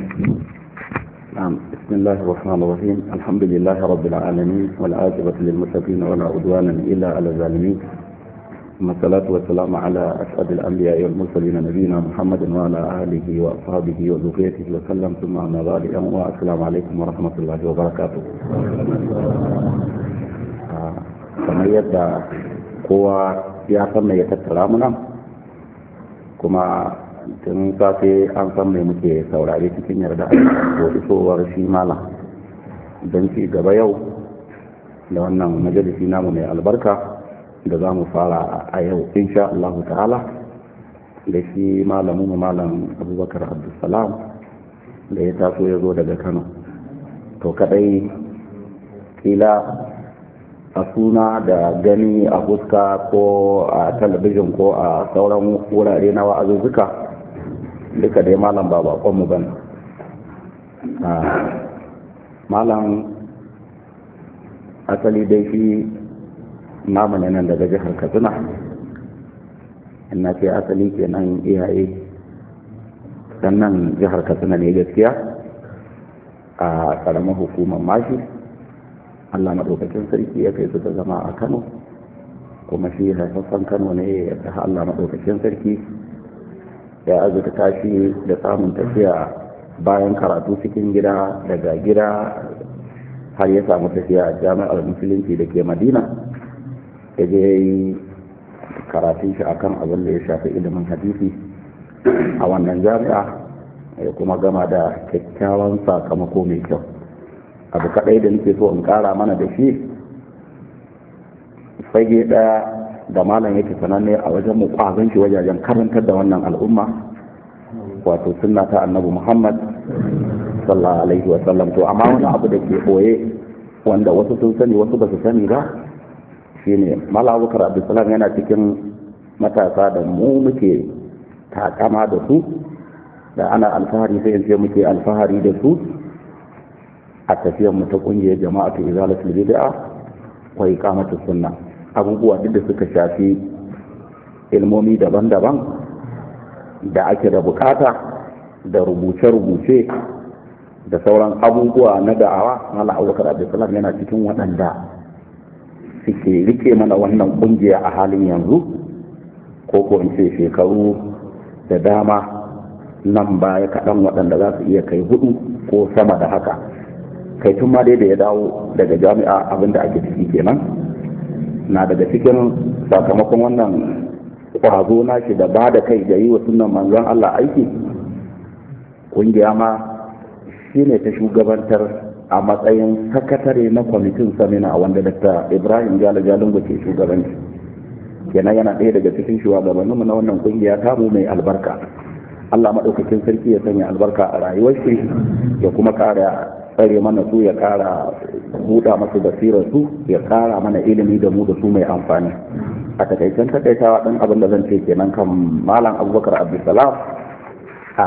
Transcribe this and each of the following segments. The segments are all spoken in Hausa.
تفضل نعم بسم الله الرحمن الرحيم الحمد لله رب العالمين والعاقبة للمتقين ولا عدوان إلا على الظالمين ثم الصلاة والسلام على أشهد الأنبياء والمرسلين نبينا محمد وعلى آله وأصحابه وذريته وسلم ثم أما بعد والسلام عليكم ورحمة الله وبركاته آه، كما يدعى kowa يا san mai نعم. كما tun safe an san mai muke saurare cikin yarda ko isowar shi malam don ci gaba yau da wannan majalisi namu mai albarka da za mu fara a yau insha Allah ta'ala da shi mu malam abubakar abdulsalam da ya taso ya zo daga kano to kadai kila a suna da gani a fuska ko a talabijin ko a sauran wurare na wa'azuzzuka duka dai malam ba bakonmu ba ne ah, malam asali dai shi namu ne nan daga jihar katsina ina ce asali ke kenan iyaye sannan jihar katsina ne gaskiya a karamar hukumar mashi allah maɗaukacin sarki ya kai su ta zama a kano kuma shi haifafan kano ne ya ta allah maɗaukacin sarki ya azurta tashi da samun tafiya bayan karatu cikin gida daga gida har ya samu tafiya a jami'ar musulunci da ke madina ya je karatun shi a kan abin da ya shafi ilimin hadisi a wannan jami'a ya kuma gama da kyakkyawan sakamako mai kyau abu kaɗai da nake so in ƙara mana da shi fage ɗaya da malam yake sananne a wajen mu kwazon shi wajajen karantar da wannan al'umma wato sunna ta annabi Muhammad sallallahu alaihi wa sallam to amma wani abu da ke boye wanda wasu sun sani wasu ba su sani ba shine malam Abubakar Abdulsalam yana cikin matasa da mu muke takama da su da ana alfahari sai muke alfahari da su a tafiyar mu ta kungiyar jama'atu izalatul bid'a wa iqamatus sunnah abubuwa duk da suka shafi ilmomi daban-daban da ake da bukata da rubuce-rubuce da sauran abubuwa na da'awa mala abubakar abisalam yana cikin waɗanda suke rike mana wannan ƙungiya a halin yanzu ko ko in ce shekaru da dama nan baya kaɗan waɗanda za su iya kai hudu ko sama da haka kai tun ma dai da ya dawo daga jami'a abinda ake ciki kenan na daga cikin sakamakon wannan ƙwazo na shi da ba da kai da yi wa sunan manzon Allah aiki Ƙungiya ma shi ne ta shugabantar a matsayin sakatare na kwamitin samina wanda Dr. ibrahim jalo jalungu ke shugabanci yana yana ɗaya daga cikin shugabanninmu na wannan ƙungiya ta mu mai albarka Allah maɗaukakin sarki ya sanya albarka a rayuwar shi ya kuma ƙara tsare mana su ya kara buɗa masu basirar su ya kara mana ilimi da mu da su mai amfani a takaicen takaitawa ɗan abin da zan ce kenan kan malam abubakar abdulsalam a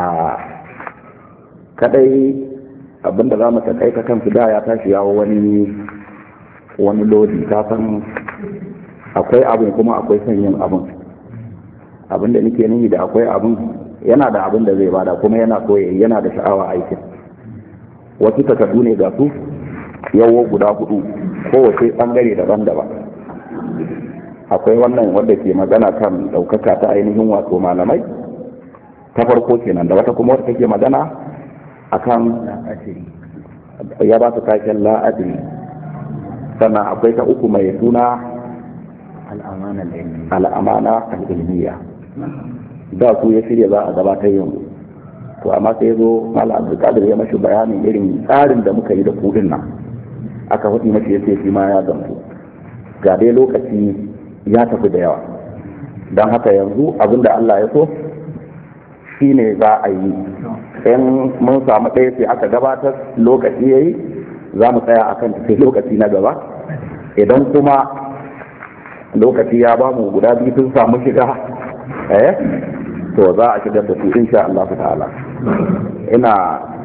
kadai abin da za mu takaita kan su da ya tashi yawo wani wani lodi ta san akwai abin kuma akwai son yin abin abin da nake nuni da akwai abin yana da abin da zai bada kuma yana so yana da sha'awa aikin wasu takardu ne ga su yawo guda hudu kowace bangare daban-daban akwai wannan wadda ke magana kan ɗaukaka ta ainihin wato malamai ta farko kenan da wata kuma wadda ke magana akan ya ba su taken la'adiri sannan akwai ta uku mai suna al'amana al'ilmiya da su ya shirya za a gabatar yanzu to amma sai zo mala abdulkadir ya mashi bayanin irin tsarin da muka yi da kudin nan aka faɗi mashi ya shi ma ya gamsu ga dai lokaci ya tafi da yawa don haka yanzu abin da Allah ya so shi ne za a yi in mun samu ɗaya sai aka gabatar lokaci ya za mu tsaya a kan sai lokaci na gaba idan kuma lokaci ya ba mu guda biyu sun samu shiga eh to za a shigar da su insha Allah ta'ala ina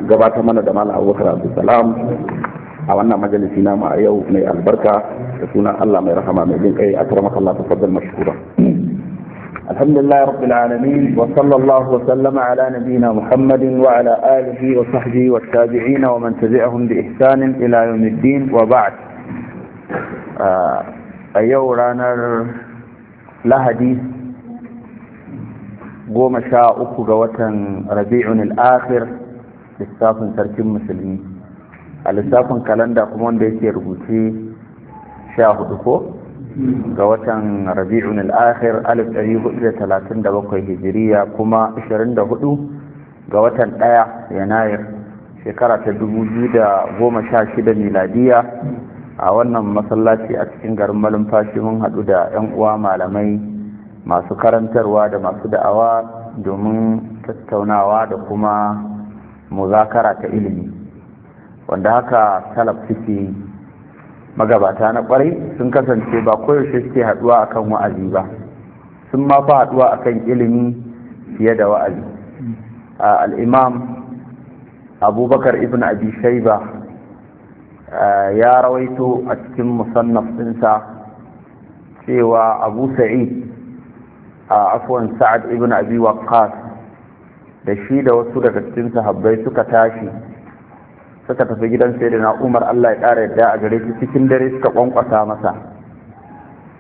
gabata mana da malam abubakar salam a wannan majalisi na ma yau mai albarka da suna allah mai rahama mai bin kai akramaka allah tafaddal mashkura الحمد لله رب العالمين وصلى الله وسلم على نبينا محمد وعلى آله وصحبه والتابعين ومن تبعهم بإحسان إلى يوم الدين وبعد أيوة ranar lahadi goma sha uku ga watan rabi'un al'akhir lissafin sarkin musulmi a lissafin kalanda kuma wanda yake rubuce sha hudu ko ga watan rabi'un al'akhir 1437 hijiriya kuma 24 ga watan daya yanayir shekara ta dubu da goma sha shida miladiya a wannan masallaci a cikin garin malumfashi mun haɗu da 'yan uwa malamai masu karantarwa da masu da'awa domin tattaunawa da kuma muzakara ta ilimi wanda haka talab suke magabata na kwarai sun kasance ba koyaushe suke haduwa akan wa'azi ba sun ma fi haduwa akan ilimi fiye da wa'azi al'imam abubakar ibn abi shaiba ya rawaito a cikin musannaf ɗinsa cewa abu sa'id a afuwan sa'ad ibn abi waqqas da shi da wasu daga cikin sahabbai suka tashi suka tafi gidan da Umar Allah ya ƙara yadda a gare shi cikin dare suka ƙwanƙwasa masa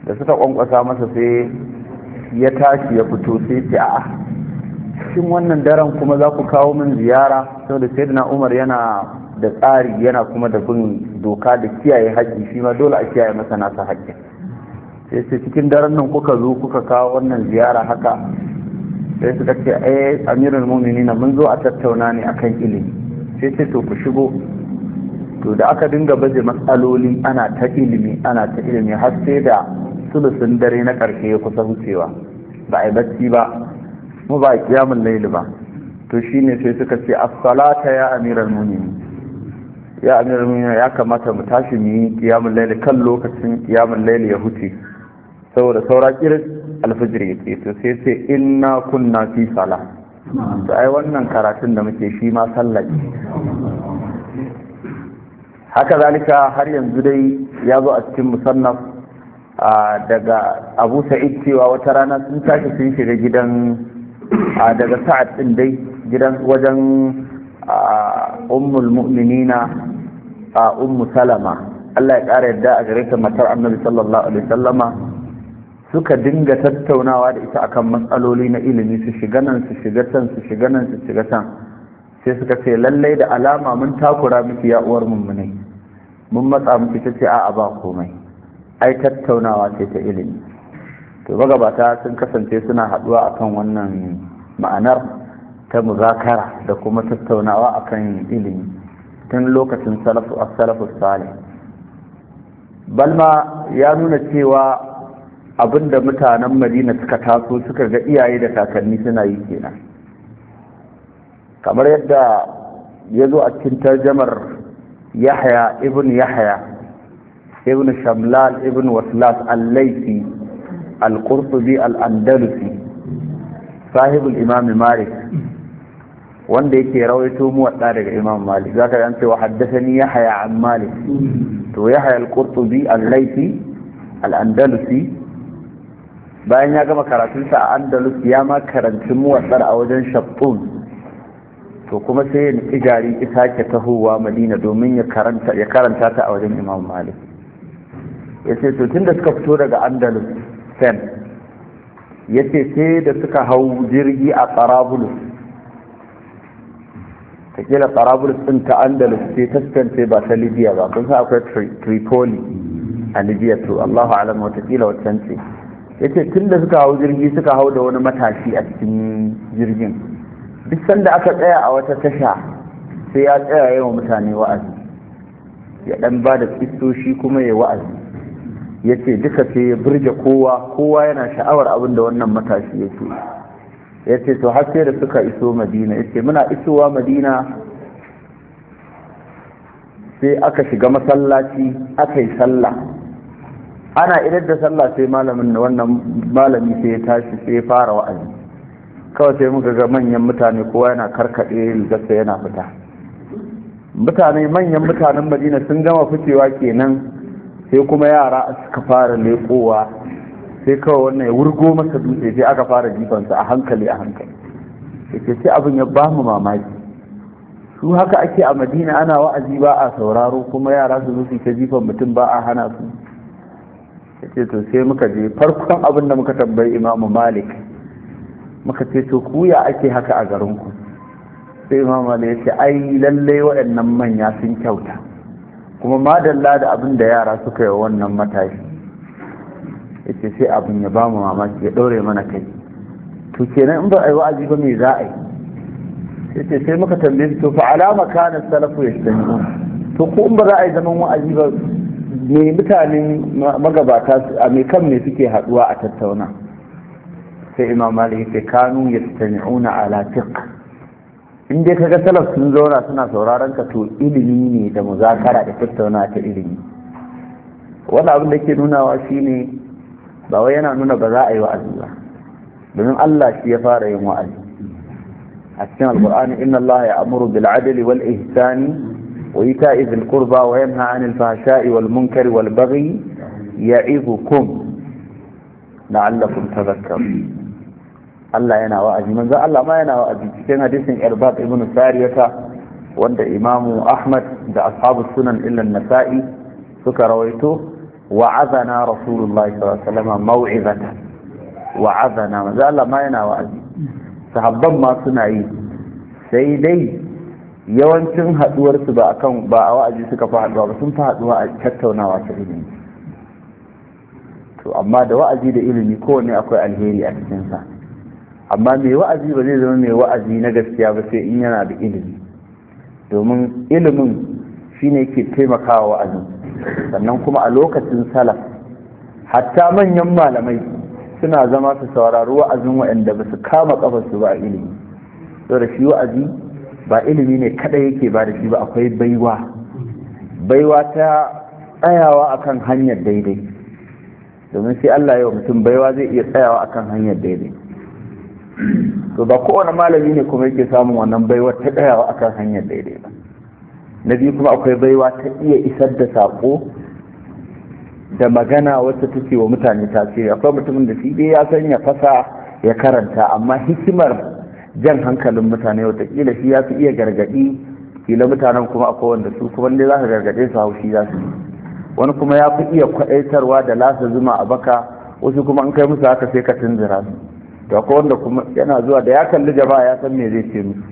da suka kwankwasa masa sai ya tashi ya fito sai ce a'a shin wannan daren kuma za ku kawo min ziyara saboda da Umar yana da tsari yana kuma da bin doka da kiyaye haƙƙi shi ma dole a kiyaye masa nasa haƙƙin sai ce cikin daren nan kuka zo kuka kawo wannan ziyara haka sai suka ce eh amirul mu'minina mun zo a tattauna ne akan ilimi sai ce to ku shigo to da aka dinga baje matsaloli ana ta ilimi ana ta ilimi har sai da sulusun dare na karshe ya kusa wucewa ba a yi bacci ba mu ba a kiyamun laili ba to shine sai suka ce as ya amirul mu'minin ya amirul mu'minin ya kamata mu tashi mu yi kiyamun laili kan lokacin kiyamun laili ya huce saboda saura kirin alfijiri ya to sai ce inna kunna fi sala to ai wannan karatun da muke shi ma sallah haka zalika har yanzu dai ya zo a cikin musannaf daga abu sa'id cewa wata rana sun tashi sun shiga gidan daga sa'ad din dai gidan wajen ummul mu'minina ummu salama Allah ya ƙara yadda a gare ta matar annabi sallallahu alaihi wasallama suka dinga tattaunawa da ita akan matsaloli na ilimi su shiga nan su shiga can su shiga nan su shiga can sai suka ce lallai da alama mun takura miki ya uwar ne, mun matsa miki ta ce a'a ba komai ai tattaunawa ce ta ilimi to magabata sun kasance suna haɗuwa akan wannan ma'anar ta muzakara da kuma tattaunawa akan ilimi tun lokacin salafu as-salafu salih balma ya nuna cewa Abin da mutanen madina suka taso suka ga iyaye da kakanni suna yi kenan kamar yadda ya zo a cikin tarjamar yahya ibn yahya ibn shamlal ibn waslas al-laifi al-qurtubi al-andalusi sahibul imam malik wanda yake rawaito mu wadda daga imam malik zaka ga an ce wa haddathani yahya an malik to yahya al-qurtubi al-laifi al-andalusi bayan ya gama karatunsa a andalus ya ma karanci muwatsar a wajen shabbun to kuma sai ya nufi gari ki sake tahowa madina domin ya karanta ta a wajen imam malik ya ce to tun da suka fito daga andalus sen ya ce sai da suka hau jirgi a tsarabulus ta kila tsarabulus din ta andalus sai ta spence ba ta libya ba kun sa akwai tripoli a libya to allahu alam wata kila wata ce ya ce tun da suka hau jirgi suka hau da wani matashi a cikin jirgin duk sanda aka tsaya a wata tasha sai ya tsaya yawa mutane wa'azi ya dan ba da kistoshi kuma ya wa'azi ya ce duka sai ya birge kowa kowa yana sha'awar abin da wannan matashi ya ce ya ce to har sai da suka iso madina ya ce muna isowa madina sai aka shiga masallaci aka yi sallah ana idar da sallah sai malamin wannan malami sai ya tashi sai ya fara wa'azi kawai sai muka ga manyan mutane kowa yana karkaɗe rigarsa yana fita mutane manyan mutanen madina sun gama fitewa kenan sai kuma yara suka fara leƙowa sai kawai wannan ya wurgo masa dutse sai aka fara jifansa a hankali a hankali yake sai abin ya bamu mamaki su haka ake a madina ana wa'azi ba a sauraro kuma yara su zo su ta jifan mutum ba a hana su ce to sai muka je farkon abin da muka tambayi imamu malik muka ce to ku ya ake haka a garinku sai imamu malik ya ce ai lallai waɗannan manya sun kyauta kuma madalla da abin da yara suka yi wannan matashi ya ce sai abin ya mu mamaki ya ɗaure mana kai to kenan in ba a yi wa'azi ba me za a yi Ya ce sai muka tambaye to fa alama kana salafu ya to ko in ba za a yi zaman wa'azi ba me mutanen magabata a me kan me suke haduwa a tattauna sai imam malik ya kanu yastami'una a fiqh in dai kaga salaf sun zauna suna sauraron ka to ilimi ne da muzakara da tattauna ta ilimi wani abin da ke nunawa shine ba wai yana nuna ba za a yi wa'azi ba domin Allah shi ya fara yin wa'azi a cikin Alƙur'ani, inna Allah ya amuru bil adli wal ihsani وإيتاء ذي القربى وينهى عن الفحشاء والمنكر والبغي يعظكم لعلكم تذكرون Allah yana wa'azi manzo Allah ma yana wa'azi cikin hadisin Irbad ibn Sariyata wanda Imamu Ahmad da ashabu sunan illa nasa'i suka rawaito wa'azana Rasulullahi sallallahu alaihi wasallam mau'izatan Allah ma yana wa'azi sahabban ma suna yi saidai. yawancin haduwarsu ba akan ba a wa'azi suka fi haduwa ba sun fi haduwa a tattaunawa ta ilimi to amma da wa'azi da ilimi kowane akwai alheri a cikinsa amma mai wa'azi ba zai zama mai wa'azi na gaskiya ba sai in yana da ilimi domin ilimin shine ke taimakawa wa'azi, sannan kuma a lokacin salaf hatta manyan malamai suna zama su saurari wa'azin waɗanda ba su kama kafarsu ba a ilimi da shi wa'azi ba ilimi ne kada yake ba da shi ba akwai baiwa baiwa ta tsayawa akan hanyar daidai domin sai Allah yau mutum baiwa zai iya tsayawa akan hanyar daidai to ba kowane malami ne kuma yake samun wannan baiwa ta tsayawa akan hanyar daidai ba na biyu kuma akwai baiwa ta iya isar da sako da magana wacce take wa mutane tasiri akwai mutumin da shi dai ya san ya fasa ya karanta amma hikimar jan hankalin mutane watakila shi ya fi iya gargaɗi kila mutanen kuma akwai wanda su kuma ne za ka gargaɗe su haushi za su wani kuma ya fi iya kwaɗaitarwa da lasa zuma a baka wasu kuma an kai musu haka sai ka tunzira su to akwai wanda kuma yana zuwa da ya kalli jama'a ya san me zai ce musu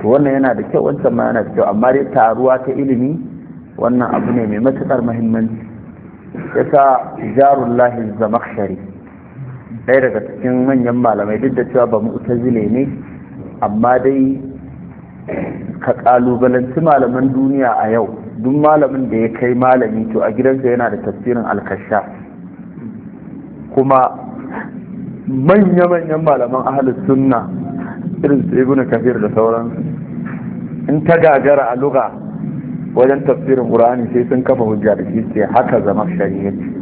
to wannan yana da kyau wancan ma yana da kyau amma dai taruwa ta ilimi wannan abu ne mai matuƙar muhimmanci yasa jarullahi zamakhshari ɗaya daga cikin manyan malamai duk da cewa ba mu zile ne amma dai ka ƙalubalanci malaman duniya a yau duk malamin da ya kai malami to a gidansa yana da tafsirin alkasha kuma manya-manyan malaman ahalus sunna irin su ibn kafir da sauran in ta gagara a luga wajen tafsirin ƙur'ani sai sun kafa hujja da shi haka zama shari'a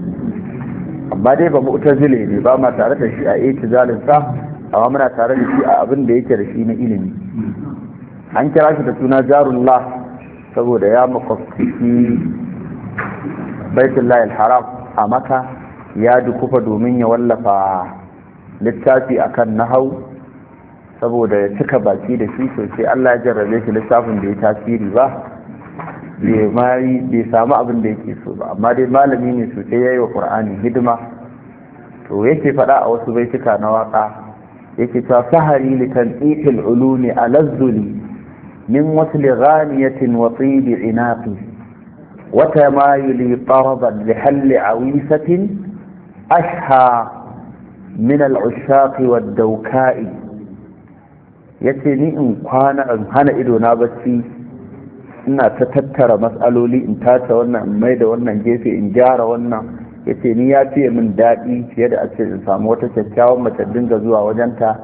amma dai ba mu'tazile ne ba ma tare da shi a itizalin sa amma muna tare da shi a abin da yake da shi na ilimi an kira shi da suna jarullah saboda ya makwabci Baitun layin haram a maka ya dukufa domin ya wallafa littafi a na nahau saboda ya cika baki da shi sosai Allah ya jarrabe shi littafin da ya tasiri ba bai samu abin da yake so ba amma dai malami ne sosai ya yi wa ƙur'ani hidima to yake faɗa a wasu baituka na waƙa yake cewa sahari kan itil ulumi alazzuli min wasli ghaniyatin wa tibi inaqi wa tamayuli taraban li halli awisatin ashha min al'ushaqi wa dawka'i yace ni in kwana in hana ido na bacci ina ta tattara matsaloli in tace wannan in mai da wannan gefe in gyara wannan ya ce ni ya fiye min daɗi fiye da a ce in samu wata kyakkyawan mace dinga zuwa wajenta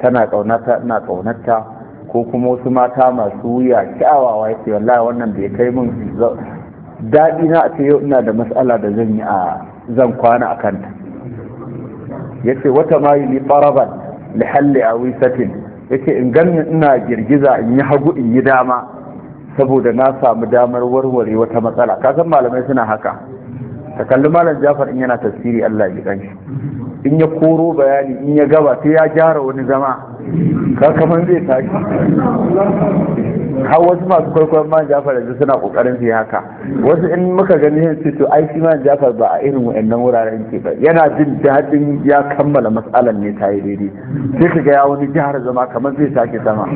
tana ƙaunata ina ƙaunata ko kuma wasu mata masu wuya kyawawa ya ce wallahi wannan bai kai min daɗi na a ce yau ina da matsala da zan yi a zan kwana a kanta ya ce wata mayu ni ɓaraban lihalli a wisatin ya ce in ganin ina girgiza in yi hagu in yi dama saboda na samu damar warware wata matsala kasan malamai suna haka ta kalli malam jafar in yana tasiri allah ya shi, in ya koro bayani in ya gaba sai ya gyara wani zama ka zai tashi har wasu masu kwaikwayon man jafar yanzu suna kokarin su haka wasu in muka gani yin su to ai shi man jafar ba a irin wa'annan wuraren ke ba yana jin daɗin ya kammala matsalar ne ta yi daidai sai ka ga ya wani jihar zama kamar zai sake sama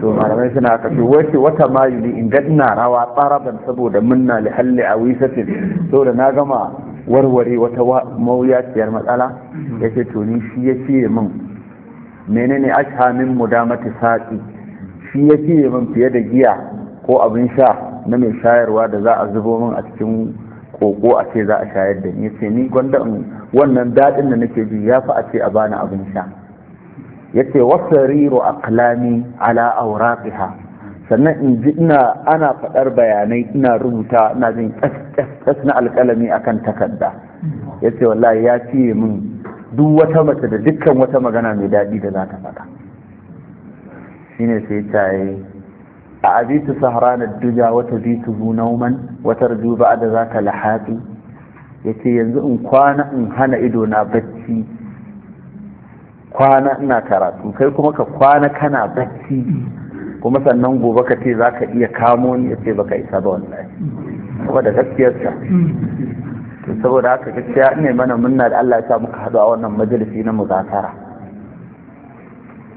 to malamai suna haka to wace wata mayu ne in ina rawa tsaraban saboda munna li halli a wisatin saboda na gama warware wata mawuyaciyar matsala ya ce to ni shi ya ce min menene asha min mata saƙi shi ya fiye min fiye da giya ko abin sha na mai shayarwa da za a zubo min a cikin koko a ce za a shayar da ni ce ni gwanda wannan daɗin da nake ji ya fi a ce a bani abin sha ya ce wasariru aqlami ala auraqiha sannan in ji ina ana faɗar bayanai ina rubuta ina jin kas na alƙalami akan takarda ya ce wallahi ya fiye min duk wata mace da dukkan wata magana mai daɗi da za ta faɗa shine sai ta yi a abitu sahranar duja wata bitu nauman wata raju ba da za ka lahafi ya ce yanzu in kwana in hana ido na bacci kwana ina karatu kai kuma ka kwana kana bacci kuma sannan gobe ka ce za ka iya kamo ni ya ce baka isa ba wallahi saboda gaskiyarsa saboda haka gaskiya ne mana munna da Allah ya sa muka haɗu a wannan majalisi na muzakara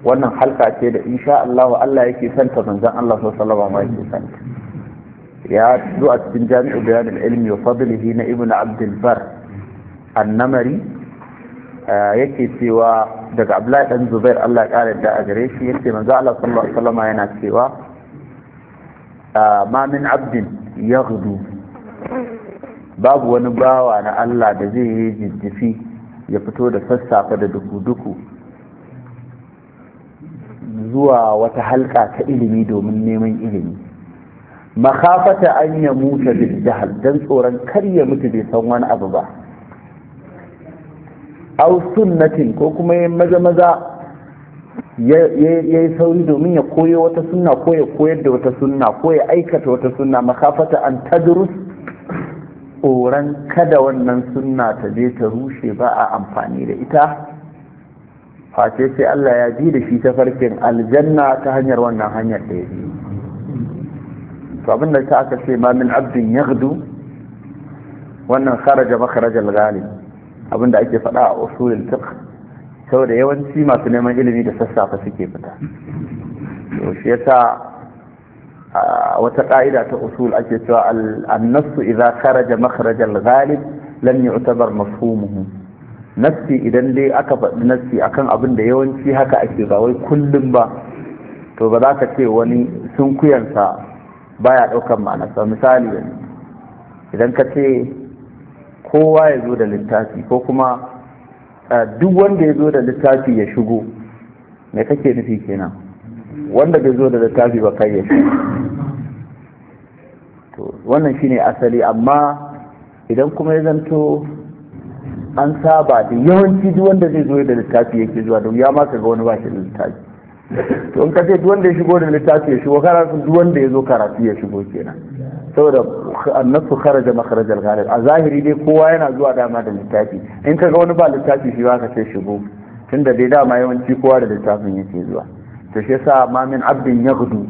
wannan halka ce da insha Allah Allah yake ta manzon Allah sallallahu alaihi wasallam yake ta. ya zo cikin jami'u bayan al-ilmi wa fadlihi na ibnu abd al-bar annamari yake cewa daga Abdullahi dan Zubair Allah ya kare da a gare shi yace manzo Allah sallallahu alaihi wasallam yana cewa ma min abdin yaghdu babu wani bawa na Allah da zai yi jijjifi ya fito da sassafe da duku-duku zuwa wata halka ta ilimi domin neman ilimi makafata an ya mutu da jahal don tsoron kar ya mutu bai san wani abu ba aw sunnatin ko kuma ya maza maza ya yi sauri domin ya koyo wata sunna ko ya koyar da wata sunna ko ya aikata wata sunna makafata an tadrus tsoron kada wannan sunna ta je ta rushe ba a amfani da ita face sai Allah ya ji da shi ta farkin aljanna ta hanyar wannan hanyar da ya bi to abin da ta aka ce ma min abdin yaghdu wannan kharaja makharaj al abin da ake faɗa a usulul fiqh saboda yawanci masu neman ilimi da sassafe suke fita to shi yasa wata ka'ida ta usul ake cewa an-nassu idza kharaja makharaj al-ghalib lam yu'tabar mafhumuhu nassi idan dai aka faɗi nassi akan abin da yawanci haka ake ba wai kullum ba to ba za ka ce wani sunkuyansa baya ɗaukar ma'anarsa misali idan ka ce kowa ya zo da littafi ko kuma eh, duk wanda ya zo da littafi ya shigo mai kake nufi kenan wanda bai zo da littafi ba kai ya shigo to wannan shine asali amma idan kuma ya zanto an saba da yawanci duk wanda zai zo da littafi yake zuwa da ya maka ga wani ba shi da littafi to in ka ce duk wanda ya shigo da littafi ya shigo karatu duk wanda ya zo karatu ya shigo kenan saboda annasu kharaja makharaj al-ghalib a zahiri dai kowa yana zuwa dama da littafi in ka ga wani ba littafi shi ba ka ce shigo tunda dai dama yawanci kowa da littafin yake zuwa to shi yasa ma min abdin yaghdu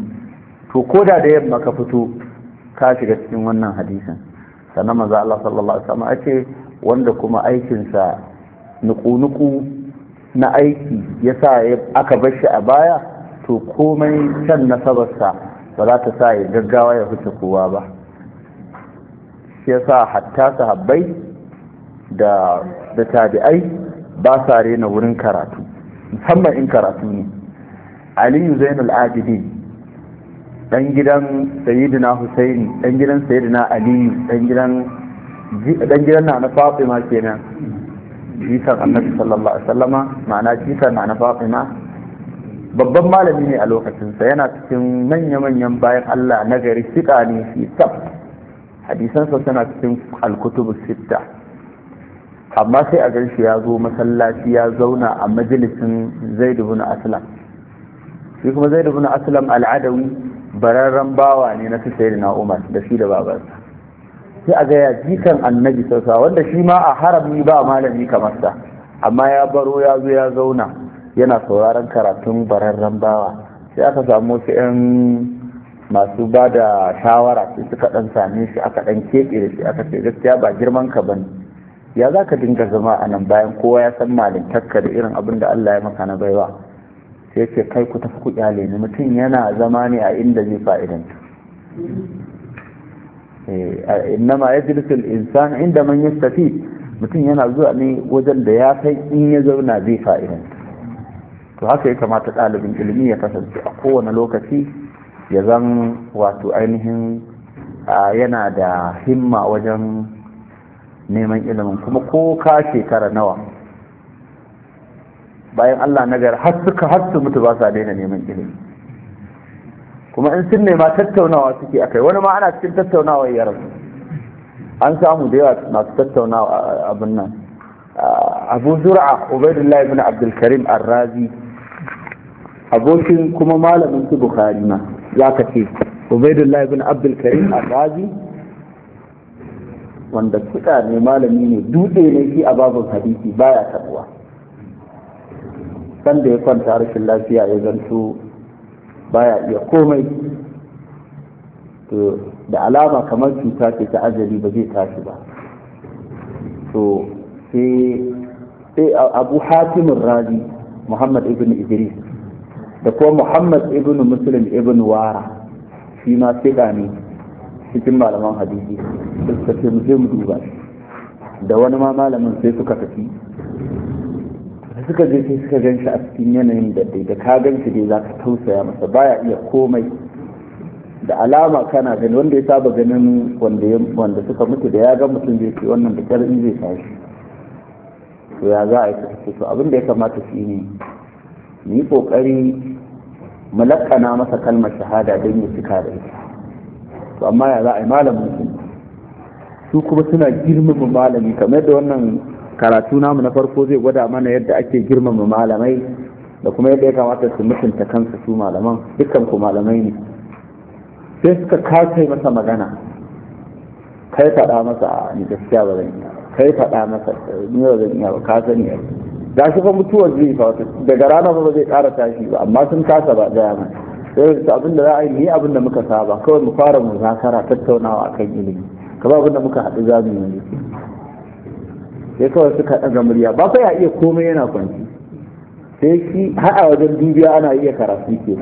to koda da yamma ka fito ka shiga cikin wannan hadisin sannan manzo Allah sallallahu alaihi wasallam ce wanda kuma aikinsa nuku-nuku na aiki ya sa aka bar shi a baya to komai can nasabarsa ba za ta sa ya gaggawa ya huce kowa ba shi ya sa hatta sahabbai da da tabi'ai ba sa rena wurin karatu musamman in karatu ne aliyu zainul abidin dan gidan sayyidina husaini dan gidan sayyidina aliyu dan gidan dan gidan na na Fatima kenan jisan annabi sallallahu alaihi wasallama ma'ana jisan na na Fatima babban malami ne a lokacin sa yana cikin manya-manyan bayan Allah na gari fiƙa ne shi tab hadisansa suna cikin alkutub sitta amma sai a ganshi ya zo masallaci ya zauna a majalisin zaid ibn aslam shi kuma zaid ibn aslam al'adar bararren bawa ne na sayyidina umar da shi da babarsa. sai a gaya jikan annabi sassa wanda shi ma a harami ba malami kamar sa amma ya baro ya zo ya zauna yana sauraron karatun bararren bawa sai aka samu su 'yan masu ba da shawara sai suka ɗan same shi aka dan keɓe da shi aka ce gaskiya ba girman ka bane ya za ka dinga zama a nan bayan kowa ya san malintakka da irin abin da Allah ya maka na baiwa sai ce kai ku tafi ku kyale ni mutum yana zama ne a inda zai fa'idanta Eh, innama yajlisu al-insan inda man mutum yana zuwa ne wajen da ya san in ya zauna zai fa'idan to haka ya kamata ɗalibin ilimi ya kasance a kowane lokaci ya zan wato ainihin yana da himma wajen neman ilimin kuma ko ka shekara nawa bayan Allah nagar har suka har su mutu ba sa daina neman ilimi kuma in sun nema tattaunawa suke akai wani ma ana cikin tattaunawa ya rasu an samu da yawa masu tattaunawa abin nan abu zura'a ubaidullahi bin abdulkarim arrazi abokin kuma malamin su bukhari ma za ka ce ubaidullahi ibn abdul arrazi wanda kuɗa ne malami ne dutse ne shi a babin hadisi baya tabuwa sanda ya kwanta rashin lafiya ya zanto baya iya komai to da alama kamar cuta ce ta azali ba zai tashi ba to sai abu hatimin razi muhammad ibn idris da kuma muhammad ibn muslim ibn wara shi ma fiɗa ne cikin malaman hadisi suka ce mu mu duba da wani ma malamin sai suka tafi suka je sai suka gan shi a cikin yanayin da da ka gan shi dai za ka tausaya masa baya iya komai da alama kana gani wanda ya saba ganin wanda suka mutu da ya ga mutum zai ce wannan da kyar zai tashi to ya za a yi ta to abin da ya kamata shi ne mu yi kokari mu masa kalmar shahada don ya cika da ita to amma ya za a yi malamin su su kuma suna girmama malami kamar da wannan karatu namu na farko zai gwada mana yadda ake girmama malamai da kuma yadda ya kamata su mutunta kansu su malaman dukkan ku malamai ne sai suka kace masa magana kai faɗa masa ni gaskiya ba zan iya kai faɗa masa ni ba zan iya ba ka sani da shi fa mutuwar zai fa daga rana ba zai ƙara tashi ba amma sun kasa ba gaya mai sai su abin da za a yi ni abin da muka saba kawai mu fara muzakara tattaunawa akan ilimi kamar abin da muka haɗu zamu yi sai kawai suka ɗaga murya ba fa ya iya komai yana kwanci sai shi haɗa wajen dubiya ana iya karatu ke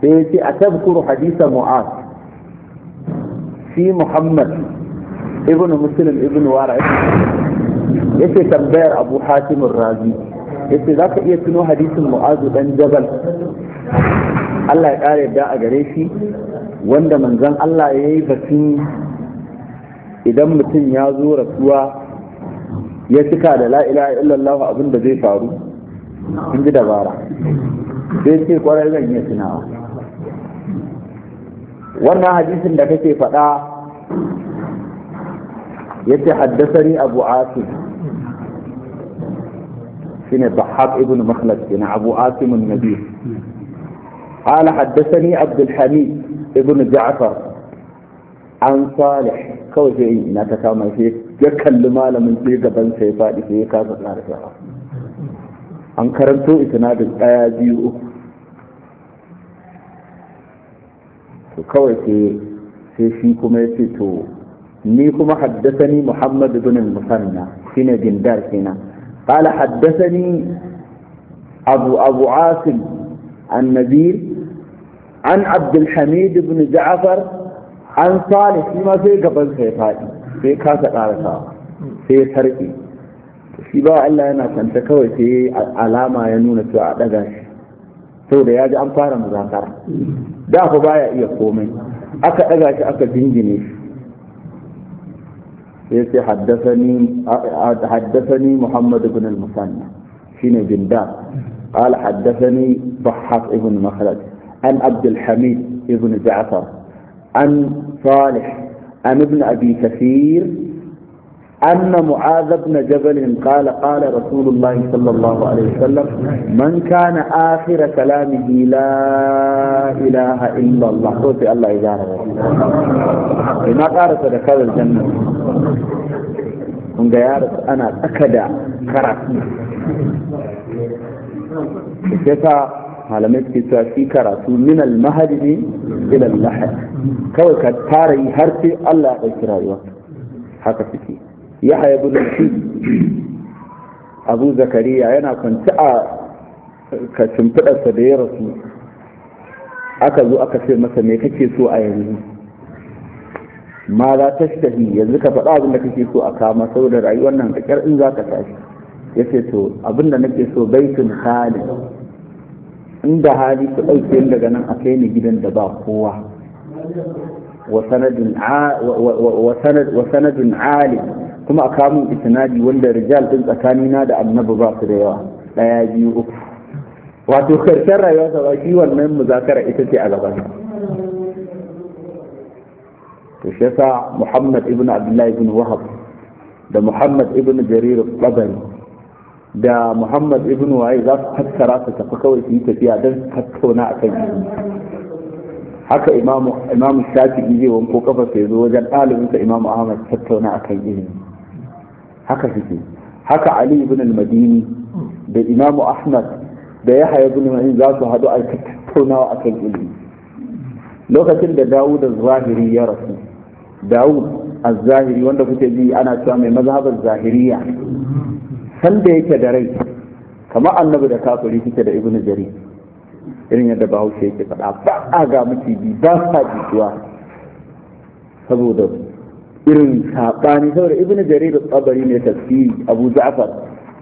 sai ya ce a tabkuru hadisa mu'az shi muhammad ibn muslim ibn wara yake tambayar abu hatimin razi yace za ka iya tuno hadisin mu'azu dan jabal Allah ya ƙara yadda a gare shi wanda manzon Allah ya yi batun idan mutum ya zo rasuwa ya cika da la ilaha illallah abin da zai faru in ji dabara sai ce kwarai zan yi tunawa wannan hadisin da kake faɗa ya ce haddasari abu asim shi ne bahab ibn makhlad shi na abu asimun nabi قال حدثني عبد الحميد ابن جعفر عن صالح ina إن تكامل فيه ya kalli malamin sai gaban sai faɗi sai ya kasa ƙarfi an karanto isnadin ɗaya biyu uku to kawai sai shi kuma ya ce to ni kuma haddasani muhammad ibn musanna shine dindar kenan qala haddasani abu abu asim annabi an abdul hamid ibn ja'far an salih shi ma sai gaban sai sai kasa ƙarasa sai ya sarƙe shi ba Allah yana kwanta kawai sai alama ya nuna cewa a ɗaga shi saboda ya ji an fara muzakara da fa baya iya komai aka ɗaga shi aka jingine shi sai sai haddasani Muhammad ibn al-Musanna shine Jindar قال حدثني ضحاك ابن مخلد عن عبد الحميد ابن جعفر عن صالح عن ابن أبي كثير أن معاذ بن جبل قال قال رسول الله صلى الله عليه وسلم من كان آخر كلامه لا إله إلا الله صوت الله إذا ما قال صدق الجنة kunga ya rasu ana tsaka da malamai suke cewa shi karatu min al-mahadi ne ila al kawai ka tara yi har sai Allah ya dauki rayuwa haka suke ya ibn shi abu zakariya yana kwanci a kacin fidarsa da ya rasu aka zo aka ce masa me kake so a yanzu ma za ta shi yanzu ka faɗa abin da kake so a kama saboda rayuwar nan da kyar in za ka tashi ya ce to abin da nake so baitin khalid عند هذه كأيك يلقنا أكين جدا دبا قوة وسند ع وسند وسند عالي ثم أقام إسنادي ولد رجال ثم أكاني نادى أن بباط ريوا لا يجيو وتخر شر يا سواجي والمن مذاكرة إتتي على غني الشيخ محمد ابن عبد الله بن وهب ده محمد ابن جرير الطبري da muhammad ibn waye za su tattara su tafi kawai su yi tafiya don tattauna a kan haka imamu imamu shafi'i zai wanko kafa sai zo wajen ɗalibinsa imamu ahmad tattauna a kan ilimi haka suke haka ali ibn al-madini da imamu ahmad da ya haya ibn madini za su haɗu a tattaunawa a kan ilimi lokacin da dawud zahiri ya rasu dawud az-zahiri wanda kuke ji ana cewa mai mazhabar zahiriya sanda yake da rai kamar annabi da kafiri suke da ibnu jarir irin yadda bahaushe yake faɗa ba a ga bi ba sa jituwa saboda irin saɓani saboda ibnu jarir tsabari ne tafsiri abu ja'far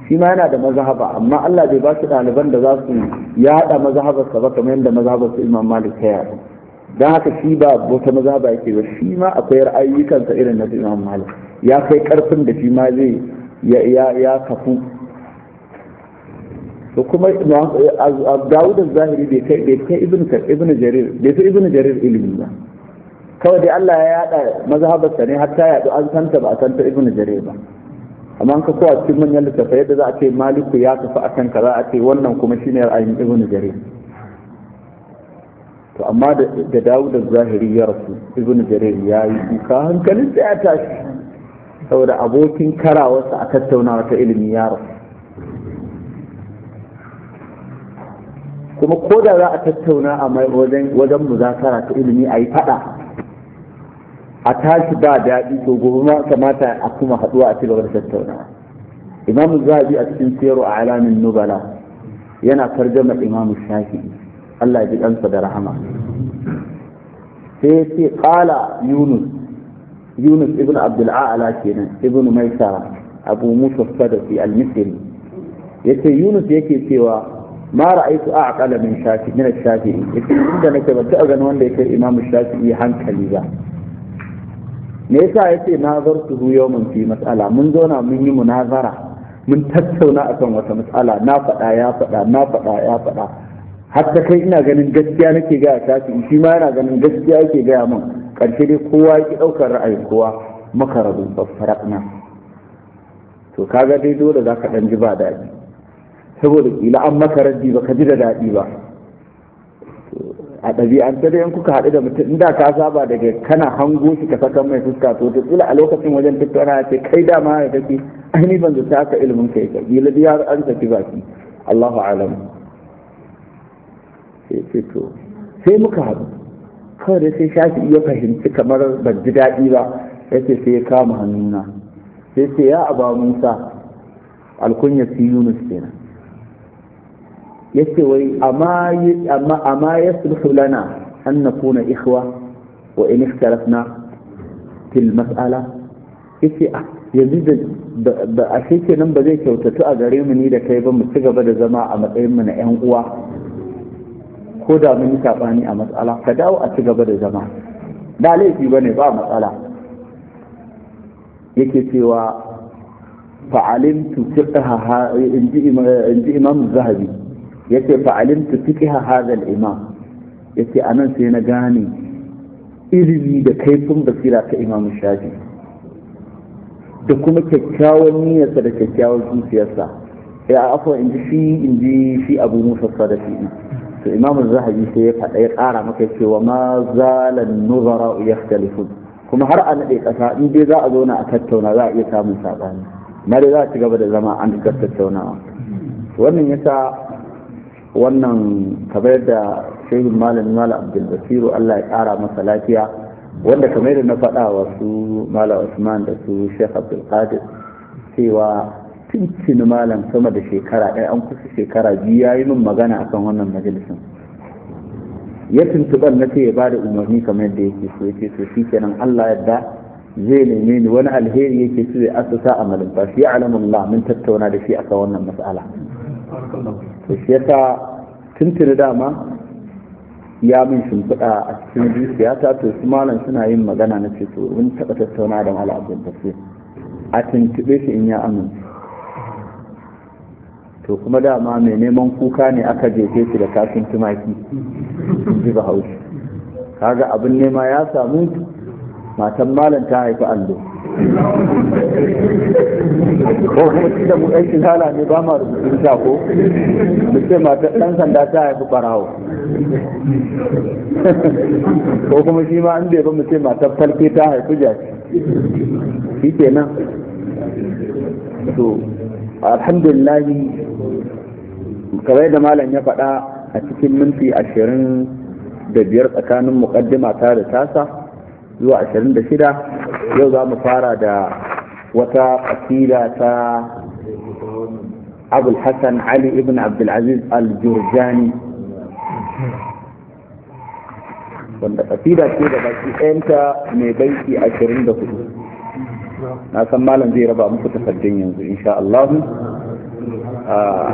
shi ma yana da mazhaba amma Allah bai ba shi ɗaliban da za su yaɗa mazhabarsa ba kamar yadda mazhabarsa imam malik ta yaɗa don haka shi ba wata mazhaba yake ba shi ma akwai kansa irin na imam malik ya kai ƙarfin da shi ma zai ya kafu da kuma dawudan zahiri bai kai ibn jarir bai fi ibn jarir ilimi ba kawai dai Allah ya yada mazhabarsa ne hatta yadu an santa ba a santa ibn jarir ba amma ka kowa cikin manyan littafai yadda za a ce maliku ya tafi akan za a ce wannan kuma shine ra'ayin ibn jarir to amma da dawudan zahiri ya rasu ibn jarir ya yi kuka hankalin sai tashi saboda abokin karawarsa a tattaunawa ta ilimi ya rasu kuma ko da za a tattauna a wajen wajen muzakara ta ilimi a yi faɗa a tashi ba daɗi to gobe ma kamata a kuma haɗuwa a cigaba da tattaunawa imamu zabi a cikin siyarwa a alamin nubala yana farjama imamu Shafi, Allah ya ji ɗansa da rahama sai ya ce ƙala yunus yunus ibn abdul a'la kenan ibn maisara abu musa sadafi al-misri yace yunus yake cewa ma ra'aytu a min shafi min shafi'i yace inda nake ba taɓa ganin wanda yake imamu shafi'i hankali ba me yasa yace nazartuhu yawman fi mas'ala mun zauna mun yi munazara mun tattauna akan wata mas'ala. na faɗa ya faɗa na faɗa ya faɗa har kai ina ganin gaskiya nake gaya shafi shi yana ganin gaskiya yake gaya mun. ƙarshe dai kowa ya ƙi ɗaukar ra'ayin kowa maka rabu na. to kaga dai dole za ka ɗan ji ba daɗi saboda ƙila an maka raddi ba ka ji da daɗi ba a ɗabi'an dai in kuka haɗu da mutum inda ka saba daga kana hango shi ka saka mai fuska to ta tsila a lokacin wajen tattauna ya ce kai dama ya kake ainihin ban zata haka ilimin kai ka ƙila dai har an tafi baki Allahu alam sai to sai muka haɗu kawai da sai shafi ya fahimci kamar ban ji daɗi ba ce sai ya kama hannuna sai ce ya aba musa alkunya fi yunus kenan ce wai amma ya sulhu lana an na kuna ikhwa wa in ikhtalafna fil mas'ala ce a ah, yanzu da ashe kenan ba zai kyautatu a gare mu ni da kai ba mu ci gaba da zama a matsayin mu na yan uwa ko da mun yi saɓani a matsala ka dawo a ci gaba da zama da laifi ba ne ba matsala yake cewa fa'alimtu fiqha in ji imam zahabi yace fa'alimtu fiqha hadha al-imam yace anan sai na gane ilimi da kaifin basira ta imam shafi da kuma kyakkyawan niyyarsa da kyakkyawan zuciyarsa ya afwa in ji shi in ji shi abu musa sadafi to imam zahabi sai ya faɗa ya ƙara maka cewa ma zalan nuzara kuma har a naɗe ƙasa in dai za a zauna a tattauna za a iya samun saɓani Mare za a ci gaba da zama an ga tattaunawa wannan yasa wannan kamar da shehun malam malam abdul basiru Allah ya kara masa lafiya wanda kamar da na faɗa wa su malam usman da su shekh abdul qadir cewa tuntuni malam sama da shekara ɗaya an kusa shekara biyu ya yi min magana akan wannan majalisin ya tuntuɓar na ce ya ba da umarni kamar yadda yake so ya ce so shi kenan Allah yadda zai neme ni wani alheri yake so ya asusa a malinta shi alamullah min tattauna da shi a kan wannan mas'ala to shi yasa tuntuni dama ya min shimfiɗa a cikin zuciyata to su malam suna yin magana na ce to mun taɓa tattauna da malam abdul a tuntuɓe shi in ya amince to kuma dama mai neman kuka ne aka jefe shi da kafin tumaki ji bahaushe kaga abin nema ya samu matan malam ta haifi allo ko kuma shi da mu shi hala ne ba ma rubutun sha ko mu ce matan ɗan sanda ta haifi ɓarawo ko kuma shi ma an bai ba mu ce matan falke ta haifi jaki shi kenan to alhamdulillahi kamar da malam ya faɗa a cikin minti ashirin da biyar tsakanin muƙaddima ta da tasa zuwa ashirin da shida yau za mu fara da wata ƙasida ta abul hassan ali ibn abdulaziz al-jurjani wanda ƙasida ce da baki ɗayanta mai baiki ashirin da hudu na san malam zai raba muku takardun yanzu insha Allah ah.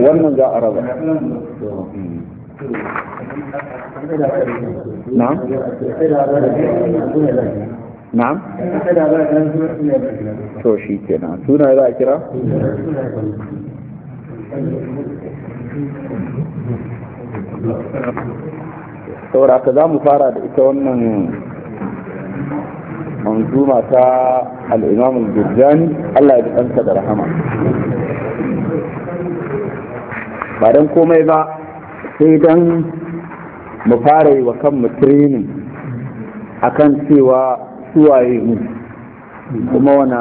wannan za a raba na'am na'am to shi na suna za a kira saboda ka za mu fara da ita wannan mata منظومة الإمام الجرجاني الله يبقى da rahama. ba don komai ba sai don mu fara yi wa mu training akan cewa suwaye mu kuma wana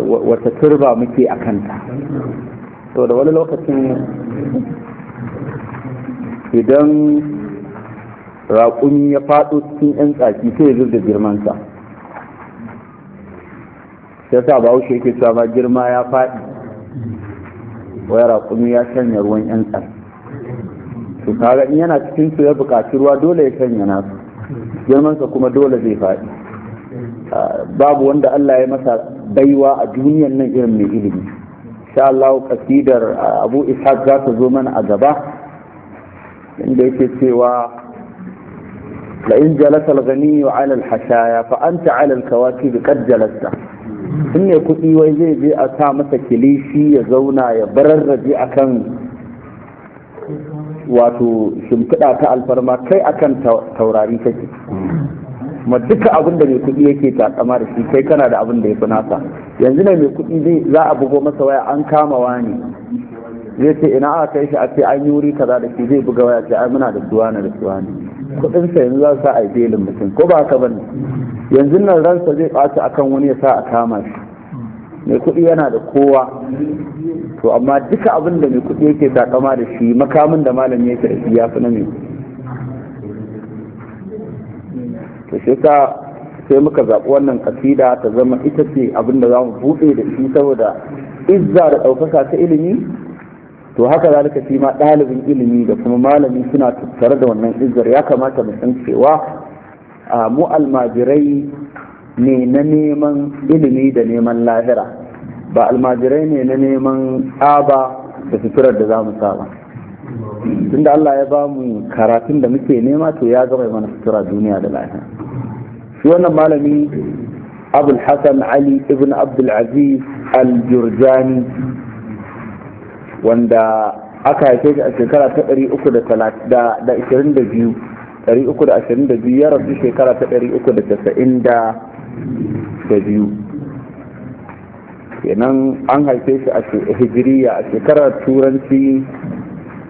wata turba muke a kanta to da wani lokacin idan raƙumi ya faɗo cikin 'yan tsaki sai ya da girmansa ya sa wuce yake cewa ba girma ya faɗi wai raƙumi ya sanya ruwan 'yan tsaki kaga in yana cikin su ya buƙaci ruwa dole ya sanya nasu girmansa kuma dole zai faɗi ah, babu wanda Allah ya masa baiwa a duniyan nan irin mai ilimi sha Allah kasidar ah, Abu Ishaq za ta zo mana a gaba inda yake cewa لئن جلس الغني على الحشايا فأنت على الكواكب قد جلست in ne kuɗi wai zai je a sa masa kilishi ya zauna ya bararraji akan kan wato shimfiɗa ta alfarma kai akan taurari kake ma duka abin da mai kuɗi yake takama da shi kai kana da abin da ya fi nasa yanzu ne mai kuɗi za a bugo masa waya an kama wani zai ce ina aka kai shi a ce an yi wuri kaza da shi zai buga waya ce ai muna da duwana da suwana kudin sa yanzu za sa a belin mutum ko ba ka bane yanzu nan ransa zai ɓaci akan wani ya sa a kama shi mai kuɗi yana da kowa to amma duka abin da mai kuɗi yake takama da shi makamin da malami yake da shi ya fi na mai to shi ka sai muka zaɓi wannan kasida ta zama ita ce abin da za mu buɗe da shi saboda izza da ɗaukaka ta ilimi to haka zalika shi ma ɗalibin ilimi da kuma malami suna tattare da wannan izzar ya kamata mu san cewa mu almajirai ne na neman ilimi da neman lahira ba almajirai ne na neman tsaba da suturar da za mu saba tunda Allah ya ba mu karatun da muke nema to ya gama mana sutura duniya da lahira shi wannan malami abul hasan ali ibn abdul aziz al-jurjani wanda aka haife shi a shekara ta 322 ya rasu shekara ta 392 kenan an haife shi a hijiriya a shekarar turanci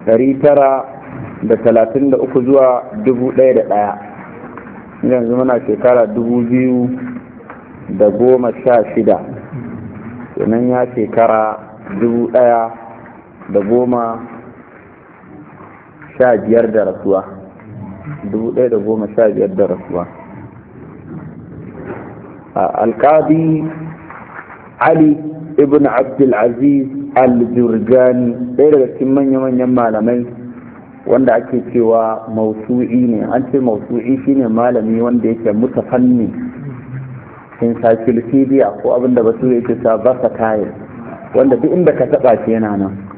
933 zuwa 1001 yanzu muna shekara 2016 kenan ya shekara 1000 da goma sha biyar da rasuwa dubu ɗaya da goma sha biyar da rasuwa A alkadi ali ibn abdulaziz al-jurgani ɗaya daga cikin manya-manyan malamai wanda ake cewa mausu'i ne an ce mausu'i shine malami wanda yake mutafanni encyclopedia ko abinda bature yake sa versatile wanda duk inda ka taɓa shi yana nan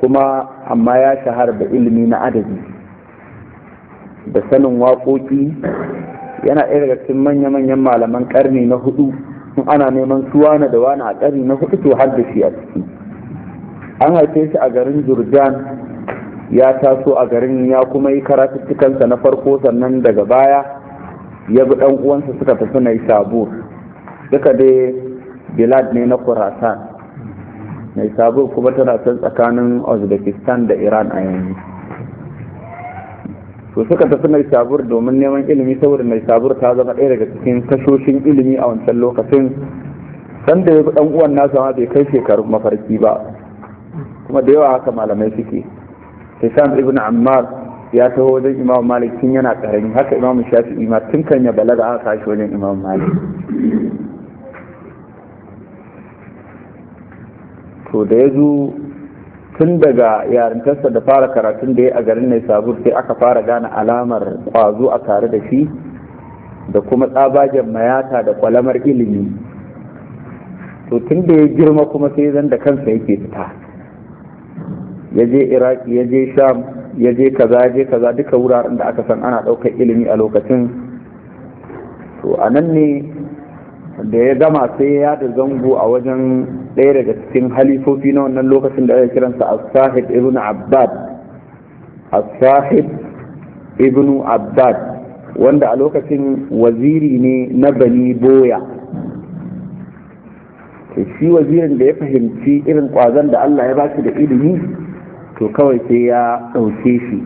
kuma amma ya shahara da ilimi na adabi da sanin waƙoƙi yana ɗaya daga cikin manya-manyan malaman ƙarni na hudu in ana neman suwana da wani a ƙarni na hudu to har da shi a ciki an haife shi a garin jordan ya taso a garin ya kuma yi karatuttukansa na farko sannan daga baya ya bi ɗan uwansa suka tafi na sabur duka dai bilad ne na kurasan mai sabu kuma tana can tsakanin uzbekistan da iran a yanzu to suka tafi mai sabur domin neman ilimi saboda mai sabur ta zama ɗaya daga cikin kashoshin ilimi a wancan lokacin sanda ya ɗan uwan nasa ma bai kai shekarun mafarki ba kuma da yawa haka malamai suke shan ibn ammar ya taho wajen imam malik tun yana ƙarami haka imam shafi'i ma tun kan ya balaga aka kashi wajen imam malik to da ya zo tun daga yarintarsa da fara karatun da ya a garin nai sabur sai aka fara gane alamar kwazo a tare da shi da kuma tsabagen mayata da kwalamar ilimi to tun da ya girma kuma sai zan da kansa yake fita ya je iraki ya je sham ya je kaza ya je kaza duka wuraren da aka san ana ɗaukar ilimi a lokacin to a nan ne da ya gama sai ya da zango a wajen ɗaya daga cikin halifofi na wannan lokacin da ake kiransa as-sahib ibn abbad as-sahib ibn abbad wanda a lokacin waziri ne na bani boya shi wazirin da ya fahimci irin kwazon da Allah ya bashi da ilimi to kawai sai ya ɗauke shi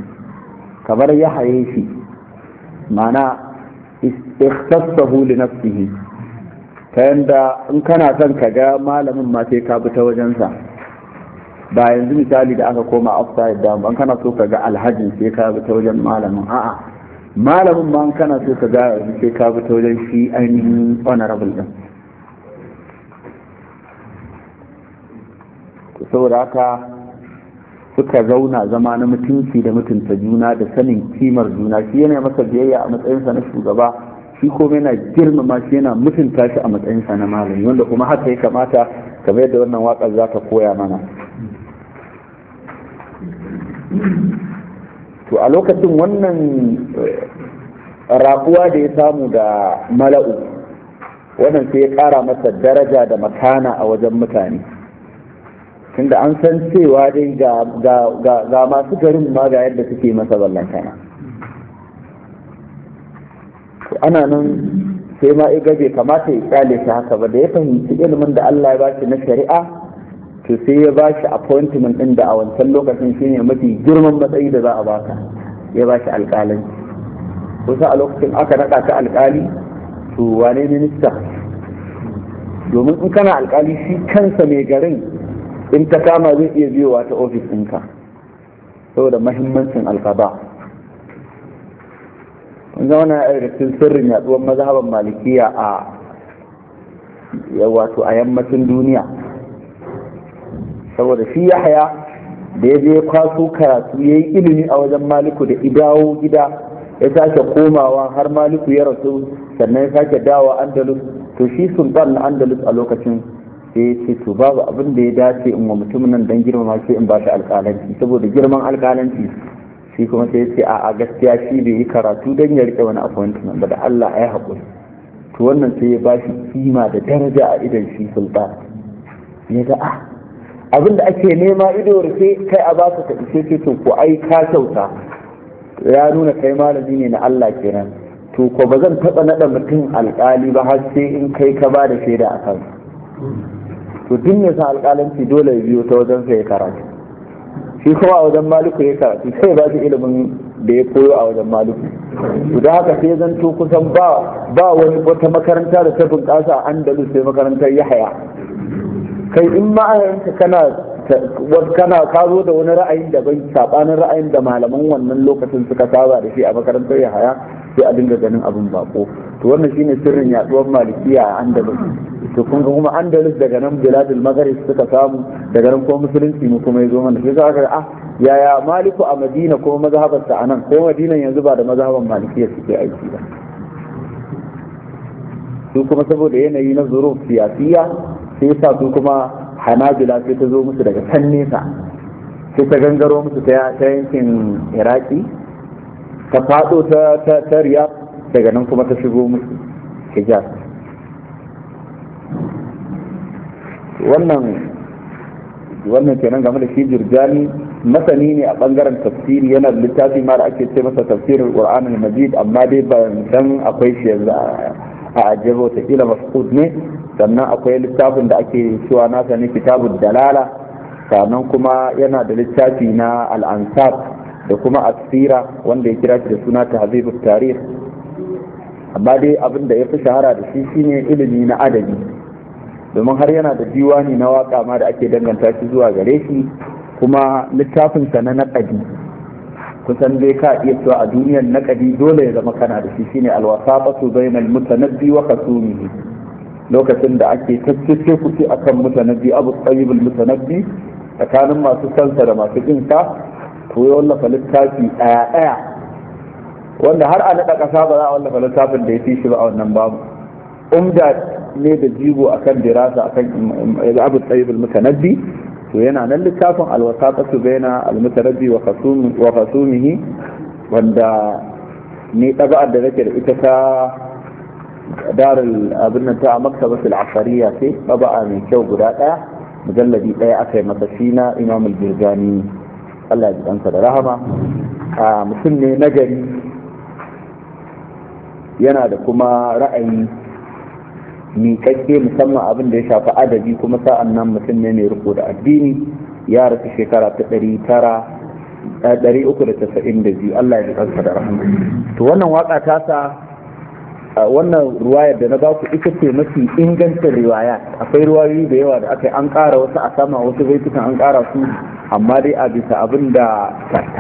kamar ya haye shi mana ikhtassahu li nafsihi ta yadda in kana son ka ga malamin ma sai ka bi ta wajensa ba yanzu misali da aka koma outside da ban kana so ka ga alhaji sai ka bi ta wajen malamin a'a malamin ma kana so ka ga sai ka bi ta wajen shi ainihin honorable din saboda haka suka zauna zama na mutunci da mutunta juna da sanin kimar juna shi yana masa biyayya a matsayinsa na shugaba shi kuma yana girmama shi yana mutunta shi a matsayinsa na malami wanda kuma haka ya kamata kamar yadda wannan waƙar za ta koya mana to a lokacin wannan eh, raƙuwa da ya samu da mala'u wannan sai ya ƙara masa daraja da makana a wajen mutane tunda an san cewa dai ga masu garin ma ga yadda suke masa ballantana ana nan sai ma iga bai kamata ya kyale shi haka ba da ya fahimci ilimin da Allah ya bashi na shari'a to sai ya bashi appointment din da a wancan lokacin shine mafi girman matsayi da za a baka ya bashi alƙalanci kusa a lokacin aka naɗa ka alƙali to wane minista domin in kana alƙali shi kansa mai garin in ta kama zai iya biyowa ta ofis ɗinka saboda mahimmancin alƙaba ga wani ayyukan sirrin yaduwar mazhaban malikiya a wato a yammacin duniya saboda shi ya haya, da ya je kwaso karatu ya yi ilimi a wajen maliku da idawo gida ya sake komawa har maliku ya rasu sannan ya sake dawa andalus to shi sultan na andalus a lokacin sai ce to babu abin da ya dace in wa mutum nan dan girmama shi in ba shi alƙalanci saboda girman alƙalanci shi kuma sai ce a gaskiya shi bai yi karatu don ya rike wani appointment ba da Allah ya haƙuri to wannan sai ya bashi kima da daraja a idan shi sultan ya ga a ah, abinda ake nema ido rufe kai a ba ka ce ishe ce to ko ai ka kyauta ya nuna kai malami ne na Allah kenan to ko ba zan taɓa naɗa mutum alƙali ba har sai in kai ka ba da shaida a kansa to duk me sa alƙalanci dole ya biyo ta wajen sai karatu shi kuma a wajen maliku ya karatu sai ba shi ilimin da ya koyo a wajen maliku to da haka sai zanto kusan ba ba wani wata makaranta da ta bunƙasa a andalus sai makarantar yahaya kai in ma'ayanka kana kana da wani ra'ayin da bai sabanin ra'ayin da malaman wannan lokacin suka saba da shi a makarantar yahaya sai a dinga ganin abin bako to wannan shine sirrin yaduwar malikiya a andalus to kun ga kuma andalus daga nan biladul maghrib suka samu daga nan kuma musulunci mu kuma yazo mana sai ka ah yaya maliku a madina ko mazhabar a anan ko madinan yanzu ba da mazhaban malikiyya suke aiki ba su kuma saboda yanayi na zuruf siyasiya sai sa su kuma hanabila sai ta zo musu daga can nesa sai ta gangaro musu ta yankin iraki ta fado ta ta daga nan kuma ta shigo musu hijaz wannan wannan kenan game da shi jirjani masani ne a bangaren tafsiri yana littafi ma da ake ce masa tafsirin qur'an al-majid amma dai ban san akwai shi yanzu a ajiyar watakila mafkud ne sannan akwai littafin da ake cewa nasa ne kitabun dalala sannan kuma yana da littafi na al-ansab da kuma asira wanda ya kira shi da suna Habibu tarikh amma dai abin da ya fi shahara da shi shine ilimi na adabi domin har yana da diwani na waka ma da ake danganta shi zuwa gare shi kuma littafinsa na naƙadi kusan dai ka iya cewa a duniyar naƙadi dole ya zama kana da shi shine alwasaqatu bainal mutanabbi wa khasumihi lokacin da ake tattace kuci akan mutanabbi abu tayyib al mutanabbi tsakanin masu sansa da masu kinka, to ya wallafa littafi ɗaya ɗaya wanda har a naɗa ƙasa ba za a wallafa littafin da ya fi shi ba a wannan babu umda ne da jigo akan dirasa akan abu tsayib al to yana nan littafin alwasaqatu baina al-mutanabbi wa wa wanda ni taba'ar da nake da ita ta darul abin a ta maktabatul asariya ce taba'a mai kyau guda ɗaya, mujalladi ɗaya aka yi masa shi na imam al-birgani Allah ya ji ɗansa da rahama a mutum ne nagari yana da kuma ra'ayi miƙaƙƙe musamman abin da ya shafi adabi kuma sa'an nan mutum ne mai riko da addini ya rasu shekara ta ɗari tara eh, ɗari uku da tasa'in da biyu Allah ya ji kansa da rahama to wannan waka ta sa wannan ruwayar da na ba ku ita ce mafi ingancin riwaya akwai ruwayoyi da yawa da aka an ƙara wasu a sama wasu baitukan an ƙara su amma dai a bisa abin da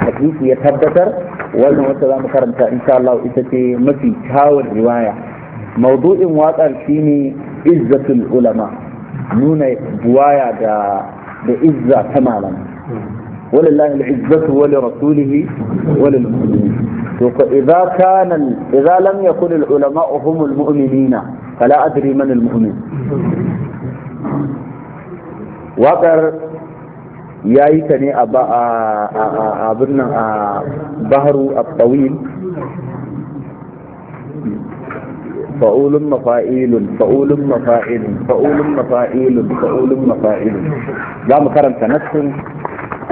hadisi ya tabbatar wannan wata za mu karanta insha Allah ita ce mafi kyawun riwaya موضوع واقع فيني عزة العلماء نون بوايا دا بعزة تماما ولله العزة ولرسوله وللمؤمنين إذا كان ال... إذا لم يكن العلماء هم المؤمنين فلا أدري من المؤمن وقر يايتني كني أبا أبنا بحر الطويل فأول مفائيل فأول مفائيل فأول مفائيل فأول مفائيل za mu karanta nassin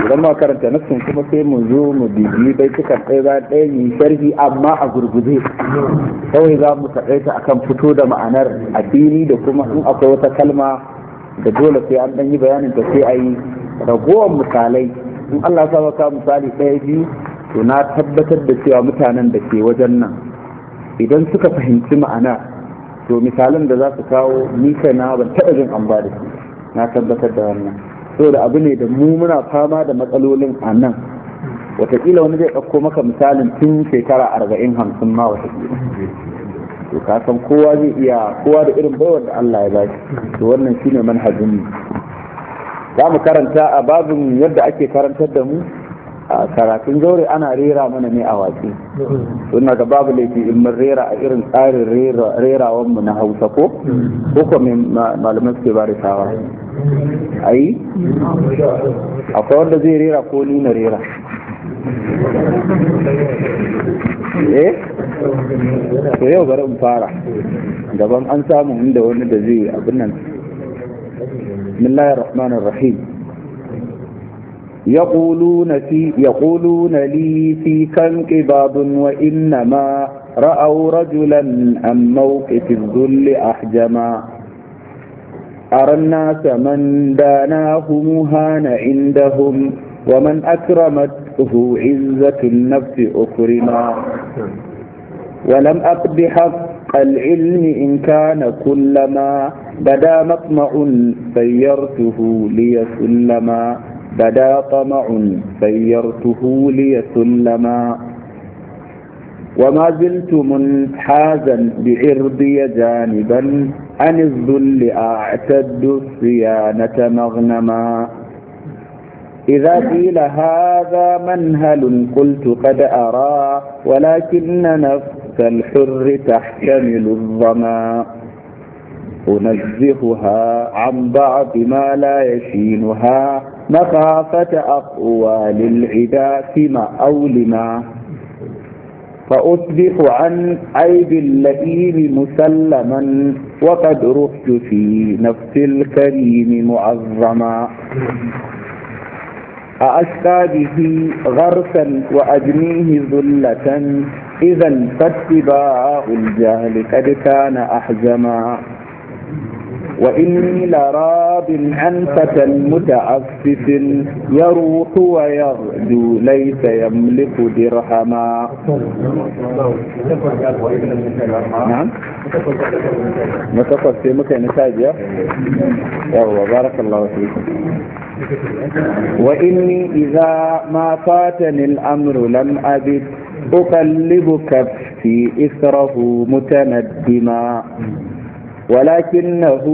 idan ma karanta nassin kuma sai mu zo mu bibiyi bai cikin ɗaya ba ɗaya yi sharhi amma a gurguje kawai za mu taƙaita akan fito da ma'anar addini da kuma in akwai wata kalma da dole sai an ɗan yi bayanin da sai a yi ragowar misalai in Allah sa ka misali ɗaya biyu to na tabbatar da cewa mutanen da ke wajen nan idan suka fahimci ma'ana to misalin da za su kawo nika na ban taɓa jin an ba da su na tabbatar da wannan saboda abu ne da mu muna fama da matsalolin a nan watakila wani zai ɗauko maka misalin tun shekara arba'in hamsin ma watakila to ka san kowa zai iya kowa da irin baiwar da Allah ya ba shi to wannan shine manhajin mu za mu karanta a babin yadda ake karantar da mu a karatun zaure ana rera mana ne a watsi suna ga babu laifi in mun rera a irin tsarin rerawan mu na hausa ko ko min malaman suke ba da shawara ayi akwai wanda zai rera ko ni na rera eh to yau bari in fara gaban an samu inda wani da zai abin nan bismillahir rahmanir rahim يقولون في يقولون لي في كم باب وإنما رأوا رجلا عن موقف الذل أحجما أرى الناس من داناهم هان عندهم ومن أكرمته عزة النفس أكرما ولم أقد حق العلم إن كان كلما بدا مطمع سيرته لي سلما بدا طمع سيرته ليسلما وما زلت منحازا بعرضي جانبا عن الذل أعتد الصيانة مغنما إذا قيل هذا منهل قلت قد أرى ولكن نفس الحر تحتمل الظما أنزهها عن بعض ما لا يشينها مخافة أقوال العدا أو لما فأصبح عن عيب اللئيم مسلما وقد رحت في نفس الكريم معظما أأشقى به غرسا وأجنيه ذلة إذا فاتباع الجهل قد كان أحزما وإني لراب عن فتى متعفف يروح ويغدو ليس يملك درهما نعم متفق في مكان ساجية يلا بارك الله فيكم وإني إذا ما فاتني الأمر لم أبد أقلب كفي إثره متندما ولكنه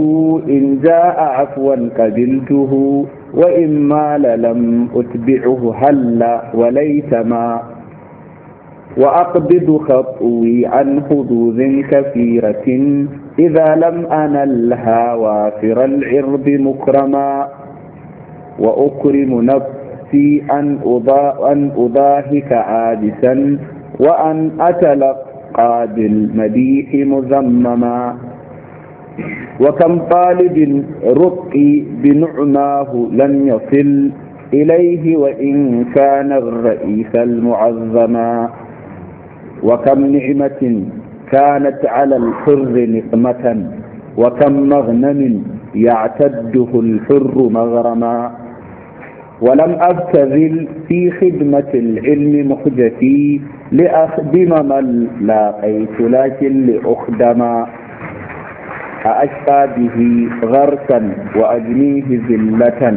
إن جاء عفوا قبلته وإن مال لم أتبعه هلا وليتما وأقبض خطوي عن حدوث كثيرة إذا لم أنلها وافر العرض مكرما وأكرم نفسي أن, أضا أن أضاهك عاجسا وأن أتلقى بالمديح مذمما وكم طالب رقي بنعماه لم يصل إليه وإن كان الرئيس المعظما وكم نعمة كانت على الحر نقمة وكم مغنم يعتده الحر مغرما ولم أبتذل في خدمة العلم مخجتي لأخدم من لاقيت لكن لأخدما حأشقى به غرسا وأجنيه ذلة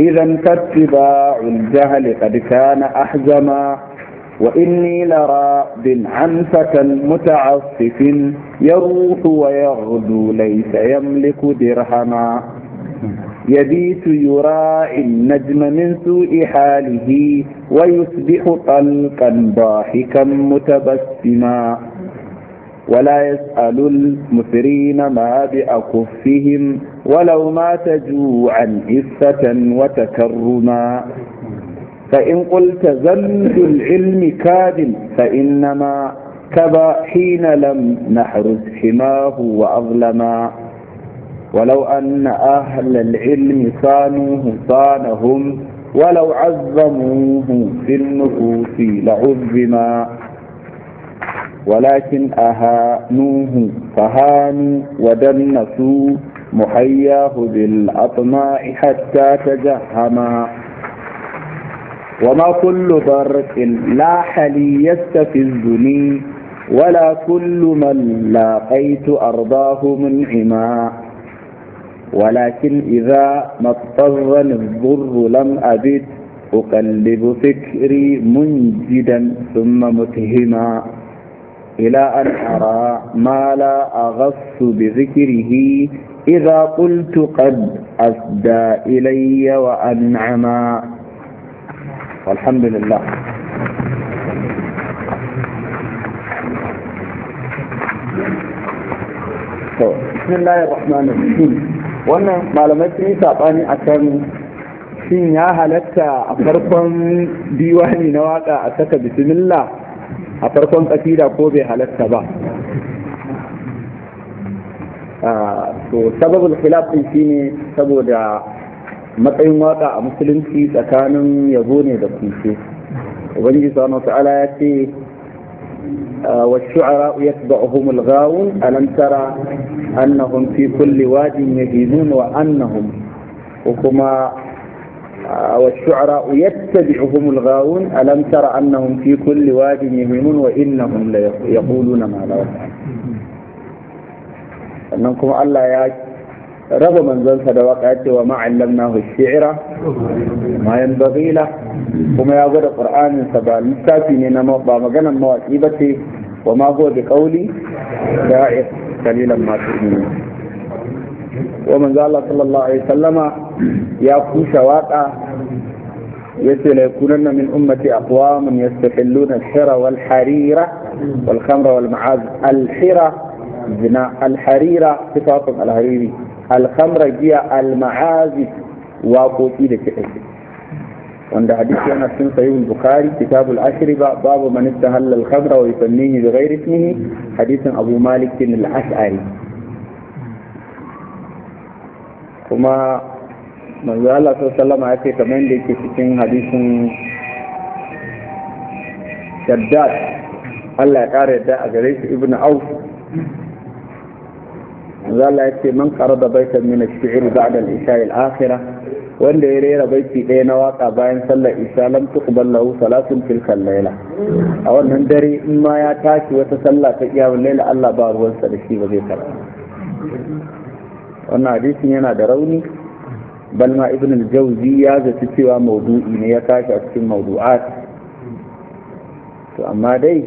إذا فاتباع الجهل قد كان أحزما وإني لرى بن عنفة متعفف يروح ويغدو ليس يملك درهما يبيت يراعي النجم من سوء حاله ويصبح طلقا ضاحكا متبسما ولا يسأل المثرين ما بأكفهم ولو مات جوعا إفة وتكرما فإن قلت ذنب العلم كاد فإنما كبا حين لم نحرس حماه وأظلما ولو أن أهل العلم صانوه صانهم ولو عظموه في النفوس لعظما ولكن أهانوه فهانوا ودنسوا محياه بالأطماع حتى تجهما وما كل برق لاح لي يستفزني ولا كل من لاقيت أرضاه منعما ولكن إذا ما اضطرني الضر لم أبد أقلب فكري منجدا ثم متهما إلى أن أرى ما لا أغص بذكره إذا قلت قد أسدى إلي وأنعما والحمد لله بسم الله الرحمن الرحيم وانا ما لم يكن يتعطاني أكام شين يا هلتا أفرقم بيوهني نواقع أتكى بسم الله a farkon kasida ko bai halatta ba ah, to sababul khilaf din shine saboda matsayin waka a musulunci tsakanin yabo ne da kunce ubangiji subhanahu ta'ala ya ce ah, wa shu'ara yatba'uhum al-ghawun alam tara annahum fi kulli wadin yahidun wa kuma والشعراء يتبعهم الغاوون ألم تر أنهم في كل واد يهيمون وإنهم ليقولون ما لا يفعلون sannan kuma Allah ya raba manzonsa da waka cewa ma'allam na shi'ira ma yan kuma ya gwada ƙur'aninsa ba littafi ne na ba maganan mawaƙi ba wa ma huwa bi qawli da'ir ومن قال الله صلى الله عليه وسلم يا كوشا واقع يسي ليكونن من أمتي أقوام يستحلون الحرى والحريرة والخمر والمعاز الحرى زنا الحريرة صفات الحريرة الخمر جيا المعازف وقوتي لكئب وعند حديث أنا في صحيح البخاري كتاب الأشربة باب من استهل الخمر ويسميه بغير اسمه حديث أبو مالك الأشعري kuma manzo Allah sallama ya ce kamar yadda yake cikin hadisin Shaddad Allah ya ƙara yadda a gare shi Ibn Auf manzo Allah ya ce man qarada baita min ash ba'da al-isha al-akhirah wanda ya rera baiti ɗaya na waka bayan sallar isha lam tuqbal lahu salatun tilka layla a wannan dare in ma ya tashi wata sallah ta qiyamul layla Allah ba ruwansa da shi ba zai karɓa wannan hadisin yana da rauni balma ibn al-jawzi ya zaci cewa maudu'i ne ya tashi a cikin maudu'at to amma dai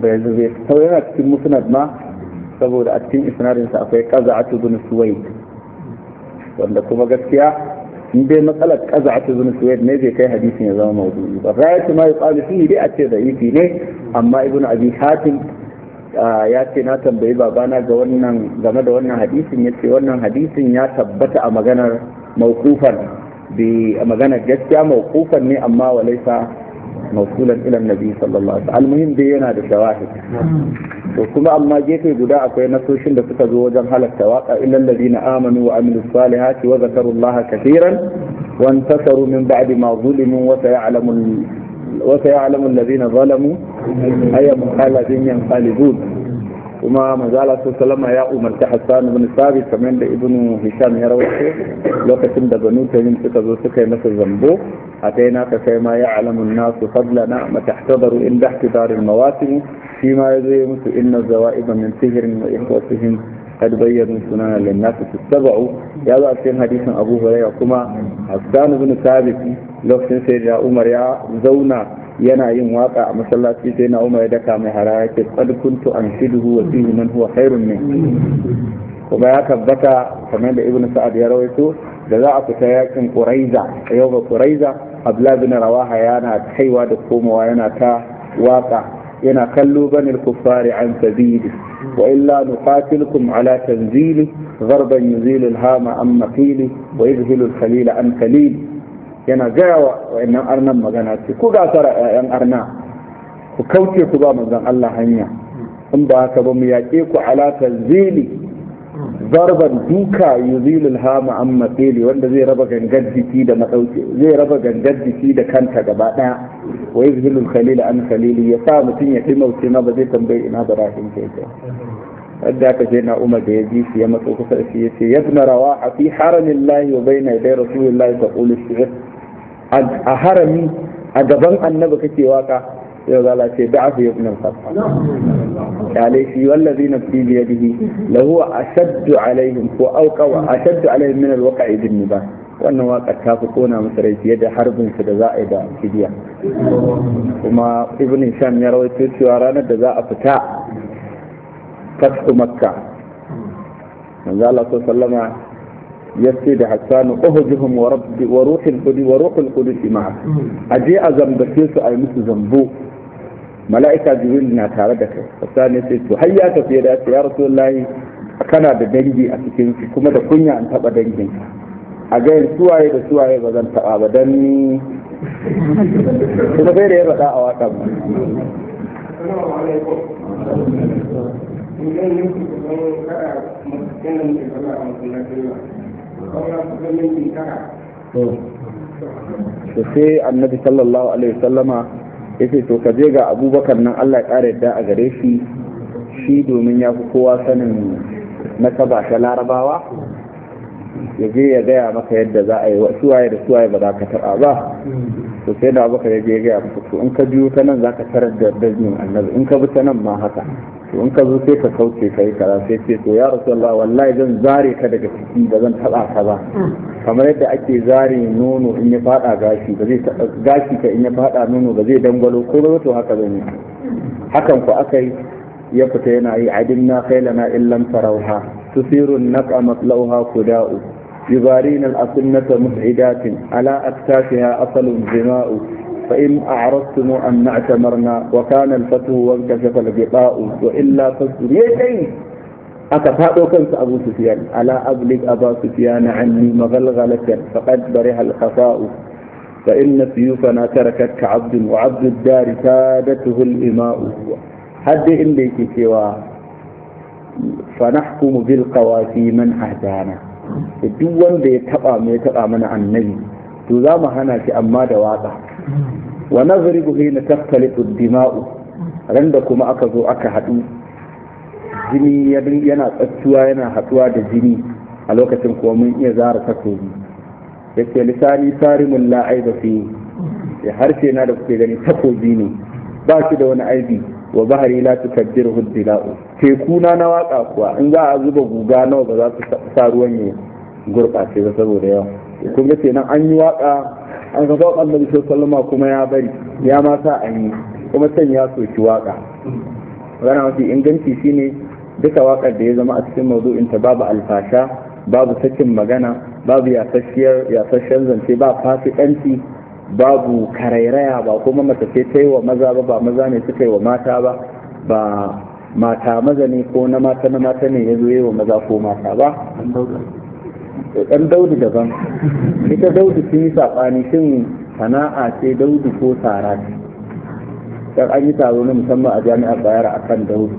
bai zube a cikin musnad ma saboda a cikin sa akwai a bin suwaid wanda kuma gaskiya in dai matsalar a bin suwaid ne zai kai hadisin ya zama maudu'i ba ra'ayatu ma yuqalu fihi dai a ce da'ifi ne amma ibn abi hatim ya ce na tambayi babana ga wannan game da wannan hadisin ya ce wannan hadisin ya tabbata a maganar mawkufan bi maganar gaskiya Maukufan ne amma walaisa mausulan ilan nabi sallallahu alaihi almuhim dai yana da shawahid to kuma amma gefe guda akwai nasoshin da suka zo wajen halatta waka illal ladina amanu wa amilu salihati wa zakarullaha kathiran wa min ba'di ma zulimu wa sayalamu wa sayalamu alladhina zalamu ayya muqalladin yanqalibun kuma manzala su salama ya umarci hassan ibn sabit kamar da ibn hisham ya rawaito lokacin da banu tayyib suka zo suka yi masa zambo a kai na ka kai ma ya alamun nasu fadlana ma tahtadaru inda ihtidarin mawasim shi ma ya zo musu inna zawaiba min sihrin wa ikhwatihim قد بينوا سنن للناس تتبعوا يا ذا في حديث ابو هريره كما حسان بن ثابت لوكسن سيدنا عمر يا زونا yana yin waka a masallaci sai na umar ya daka mai hara ya ce qad kuntu anshiduhu wa fihi man huwa khairun kuma ya tabbata kamar da ibnu sa'ad ya rawaito da za a fita yakin quraiza yau ga quraiza abdullah bin rawaha yana kaiwa da komowa yana ta waka yana kallo banil kuffari an sabili wa illa nuqatilukum ala tanzili zarban yuzilu alhama an maqili wa yuzhilu alkhalila an khalil yana gaya wa wayannan arnan magana ce ku gasara ƴaƴan arna ku kauce ku ba manzon Allah hanya in ba haka ba mu yaƙe ku ala tanzili zarban duka yuzilul hama an matseli wanda zai raba gangar jiki da matsauke zai raba gangar jiki da kanta gaba daya wa yuzilul khalil an khalili ya sa mutum ya wuce ma ba zai tambaye ina da rahim ke ke wanda aka je na umar da ya ji shi ya matso kusa shi ya ce rawa a fi haramin lahi wa bayna idai rasulullahi ta qulu shi a harami a gaban annabi kake waka yau za a ce da'afu ya ibn al-khattab kyale shi wallazi nafsi bi yadihi la huwa ashaddu alaihim ko awqa ashaddu alaihim min al-waqa'i bin nibah wannan waƙar ta fi kona masa rai fiye da harbin su da za a yi da fidiya kuma ibn hisham ya rawaito cewa ranar da za a fita fatu makka manzo Allah sallama ya da hassanu uhujuhum wa rabbi wa ruhul qudus wa ruhul qudus ma'a aje a zambace su a yi musu zambo mala'ika jibril na tare da kai sai sai to har ya tafi da ya rasulullahi kana da dangi a cikin su kuma da kunya an taba dangin a ga suwaye da suwaye ba zan taba ba dan ni kuma sai da ya faɗa a waƙa sai annabi sallallahu alaihi wasallama ce to ka je ga abubakar nan allah ya ƙara yadda a gare shi shi domin ya fi kowa sanin na nasaba ta larabawa ya je ya gaya maka yadda za a yi wa suwaye da suwaye ba za ka taɓa ba to sai da abubakar ya je ya gaya maka to in ka biyo ta nan za ka tarar da dajin annabi in ka bi ta nan ma haka to in ka zo sai ka kauce kai kaza sai ce to ya rasulullah wallahi zan zare ka daga ciki ba zan taba ka ba kamar yadda ake zare nono in ya fada gashi ba zai gashi ka in ya fada nono ba zai dangwalo ko ba to haka zan yi hakan ku aka yi ya fita yana yi adinna khailana illam tarauha tusirun naqa matlauha kuda'u yubarina al-asinnata mus'idatin ala aktafiha asalun jima'u فإن أعرضتم أن اعتمرنا وكان الفتح وانكشف الغطاء وإلا فسريتين أكفاء كنت أبو سفيان ألا أبلغ أبا سفيان عني مغلغلة فقد برح الخفاء فإن سيوفنا تركت كعبد وعبد الدار سادته الإماء حد إليك سوى فنحكم بالقواسي من أهدانا duk wanda ya taba mai taba mana annabi to za mu hana shi amma da watsa wa nazribu hina taftalitu dima'u ran da kuma aka zo aka haɗu jini yana tsattuwa yana haɗuwa da jini a lokacin kuma mun iya zara takobi yake lisani sarimun la fi ya harshe na da kuke gani takobi ne ba shi da wani aibi wa bahari la tukaddiru huddila'u teku na na waka kuwa in za a zuba guga nawa ba za su sa ruwan ya gurɓace ba saboda yawa kun ga nan an yi waka an ga zaɓa annabi sallama kuma ya bari ya ma sa an yi kuma can ya soki waka magana mafi inganci shine duka wakar da ya zama a cikin ta babu alfasha babu sakin magana babu yasasshiyar zance ba fasikanci babu karairaya ba kuma mata ce ta yi wa maza ba ba maza ne suka yi wa mata ba ba mata maza ne ko na mata na mata ne ya zo yi wa maza ko mata ba ɗan daudu daban ita daudu sun yi saɓani shin sana'a ce daudu ko tsara ce ɗan an yi taro na musamman a jami'ar bayar a kan daudu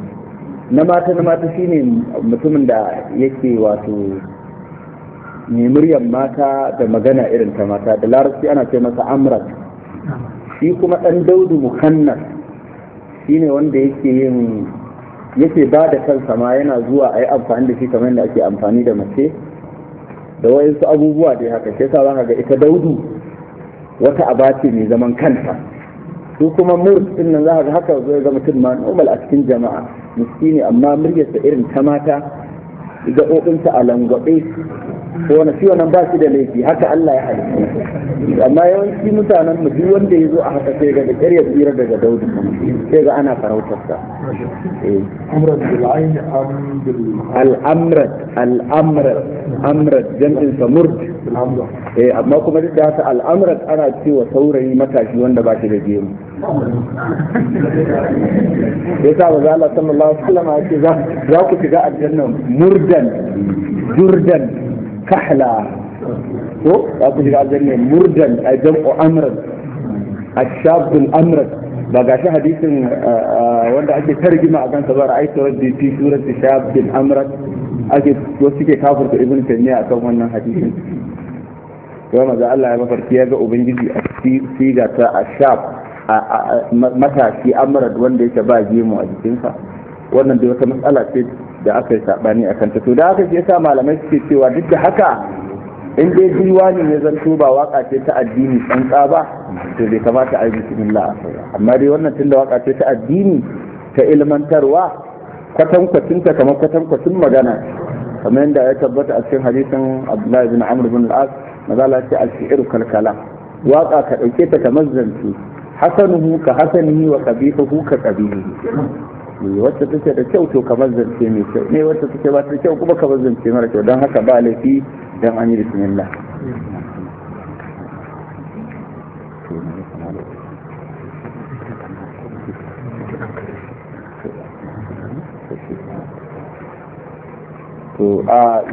na mata na mata shine mutumin da yake wato mai muryan mata da magana irin ta mata da larabci ana ce masa amrat shi kuma ɗan daudu muhannas shine wanda yake yin yake ba da kansa ma yana zuwa a yi amfani da shi kamar yadda ake amfani da mace da wayansu abubuwa dai haka shi yasa zaka ga ita daudu wata abaci mai zaman kanta su kuma mur din nan zaka ga haka zai ga mutum ma normal a cikin jama'a miskini amma muryarsa irin ta mata gaɓoɓinsa a langwaɓe to wani shi wannan ba shi da laifi haka Allah ya halitta amma yawanci mutanen mu duk wanda yazo a haka sai ga da kariya tsira daga daudi sai ga ana farautar sa al'amrat al'amrat amrat jam'in sa murd eh amma kuma duk da haka al'amrat ana cewa saurayi matashi wanda ba shi da gemu yasa ba za Allah sallallahu alaihi wasallam ya ce za ku shiga aljanna murdan jurdan kahla ko za ku shiga aljanna murdan a jam'u amran ashabul amran ba ga shi hadisin eh, eh, wanda ake targima a kansa ba ra'aytu rabbi fi surati shabbil amran ake wasu ke da ibnu taymiya akan wannan hadisin ma maza Allah ya mafarki ya ga ubangiji a siga ta a matashi amrad wanda yake ba gemu a jikinsa wannan dai wata matsala ce da aka yi saɓani a kanta to da aka ke sa malamai suke cewa duk da haka in dai jiwa ne zanto ba waka ce ta addini tsantsa ba to bai kamata a yi bismillah amma dai wannan tunda waka ce ta addini ta ilmantarwa kwatin ta kamar kwatin magana kamar yadda ya tabbata a cikin hadisin abdullahi bin amr bin al-as mazala ce al-shi'ru kalkala waka ka dauke ta kamar zanto hasanuhu ka hasanihi wa qabihuhu ka qabihihi ne wacce take da kyau to kamar zance mai kyau ne wacce take ba ta kyau kuma kamar zance mara kyau don haka ba laifi don an yi bismillah to a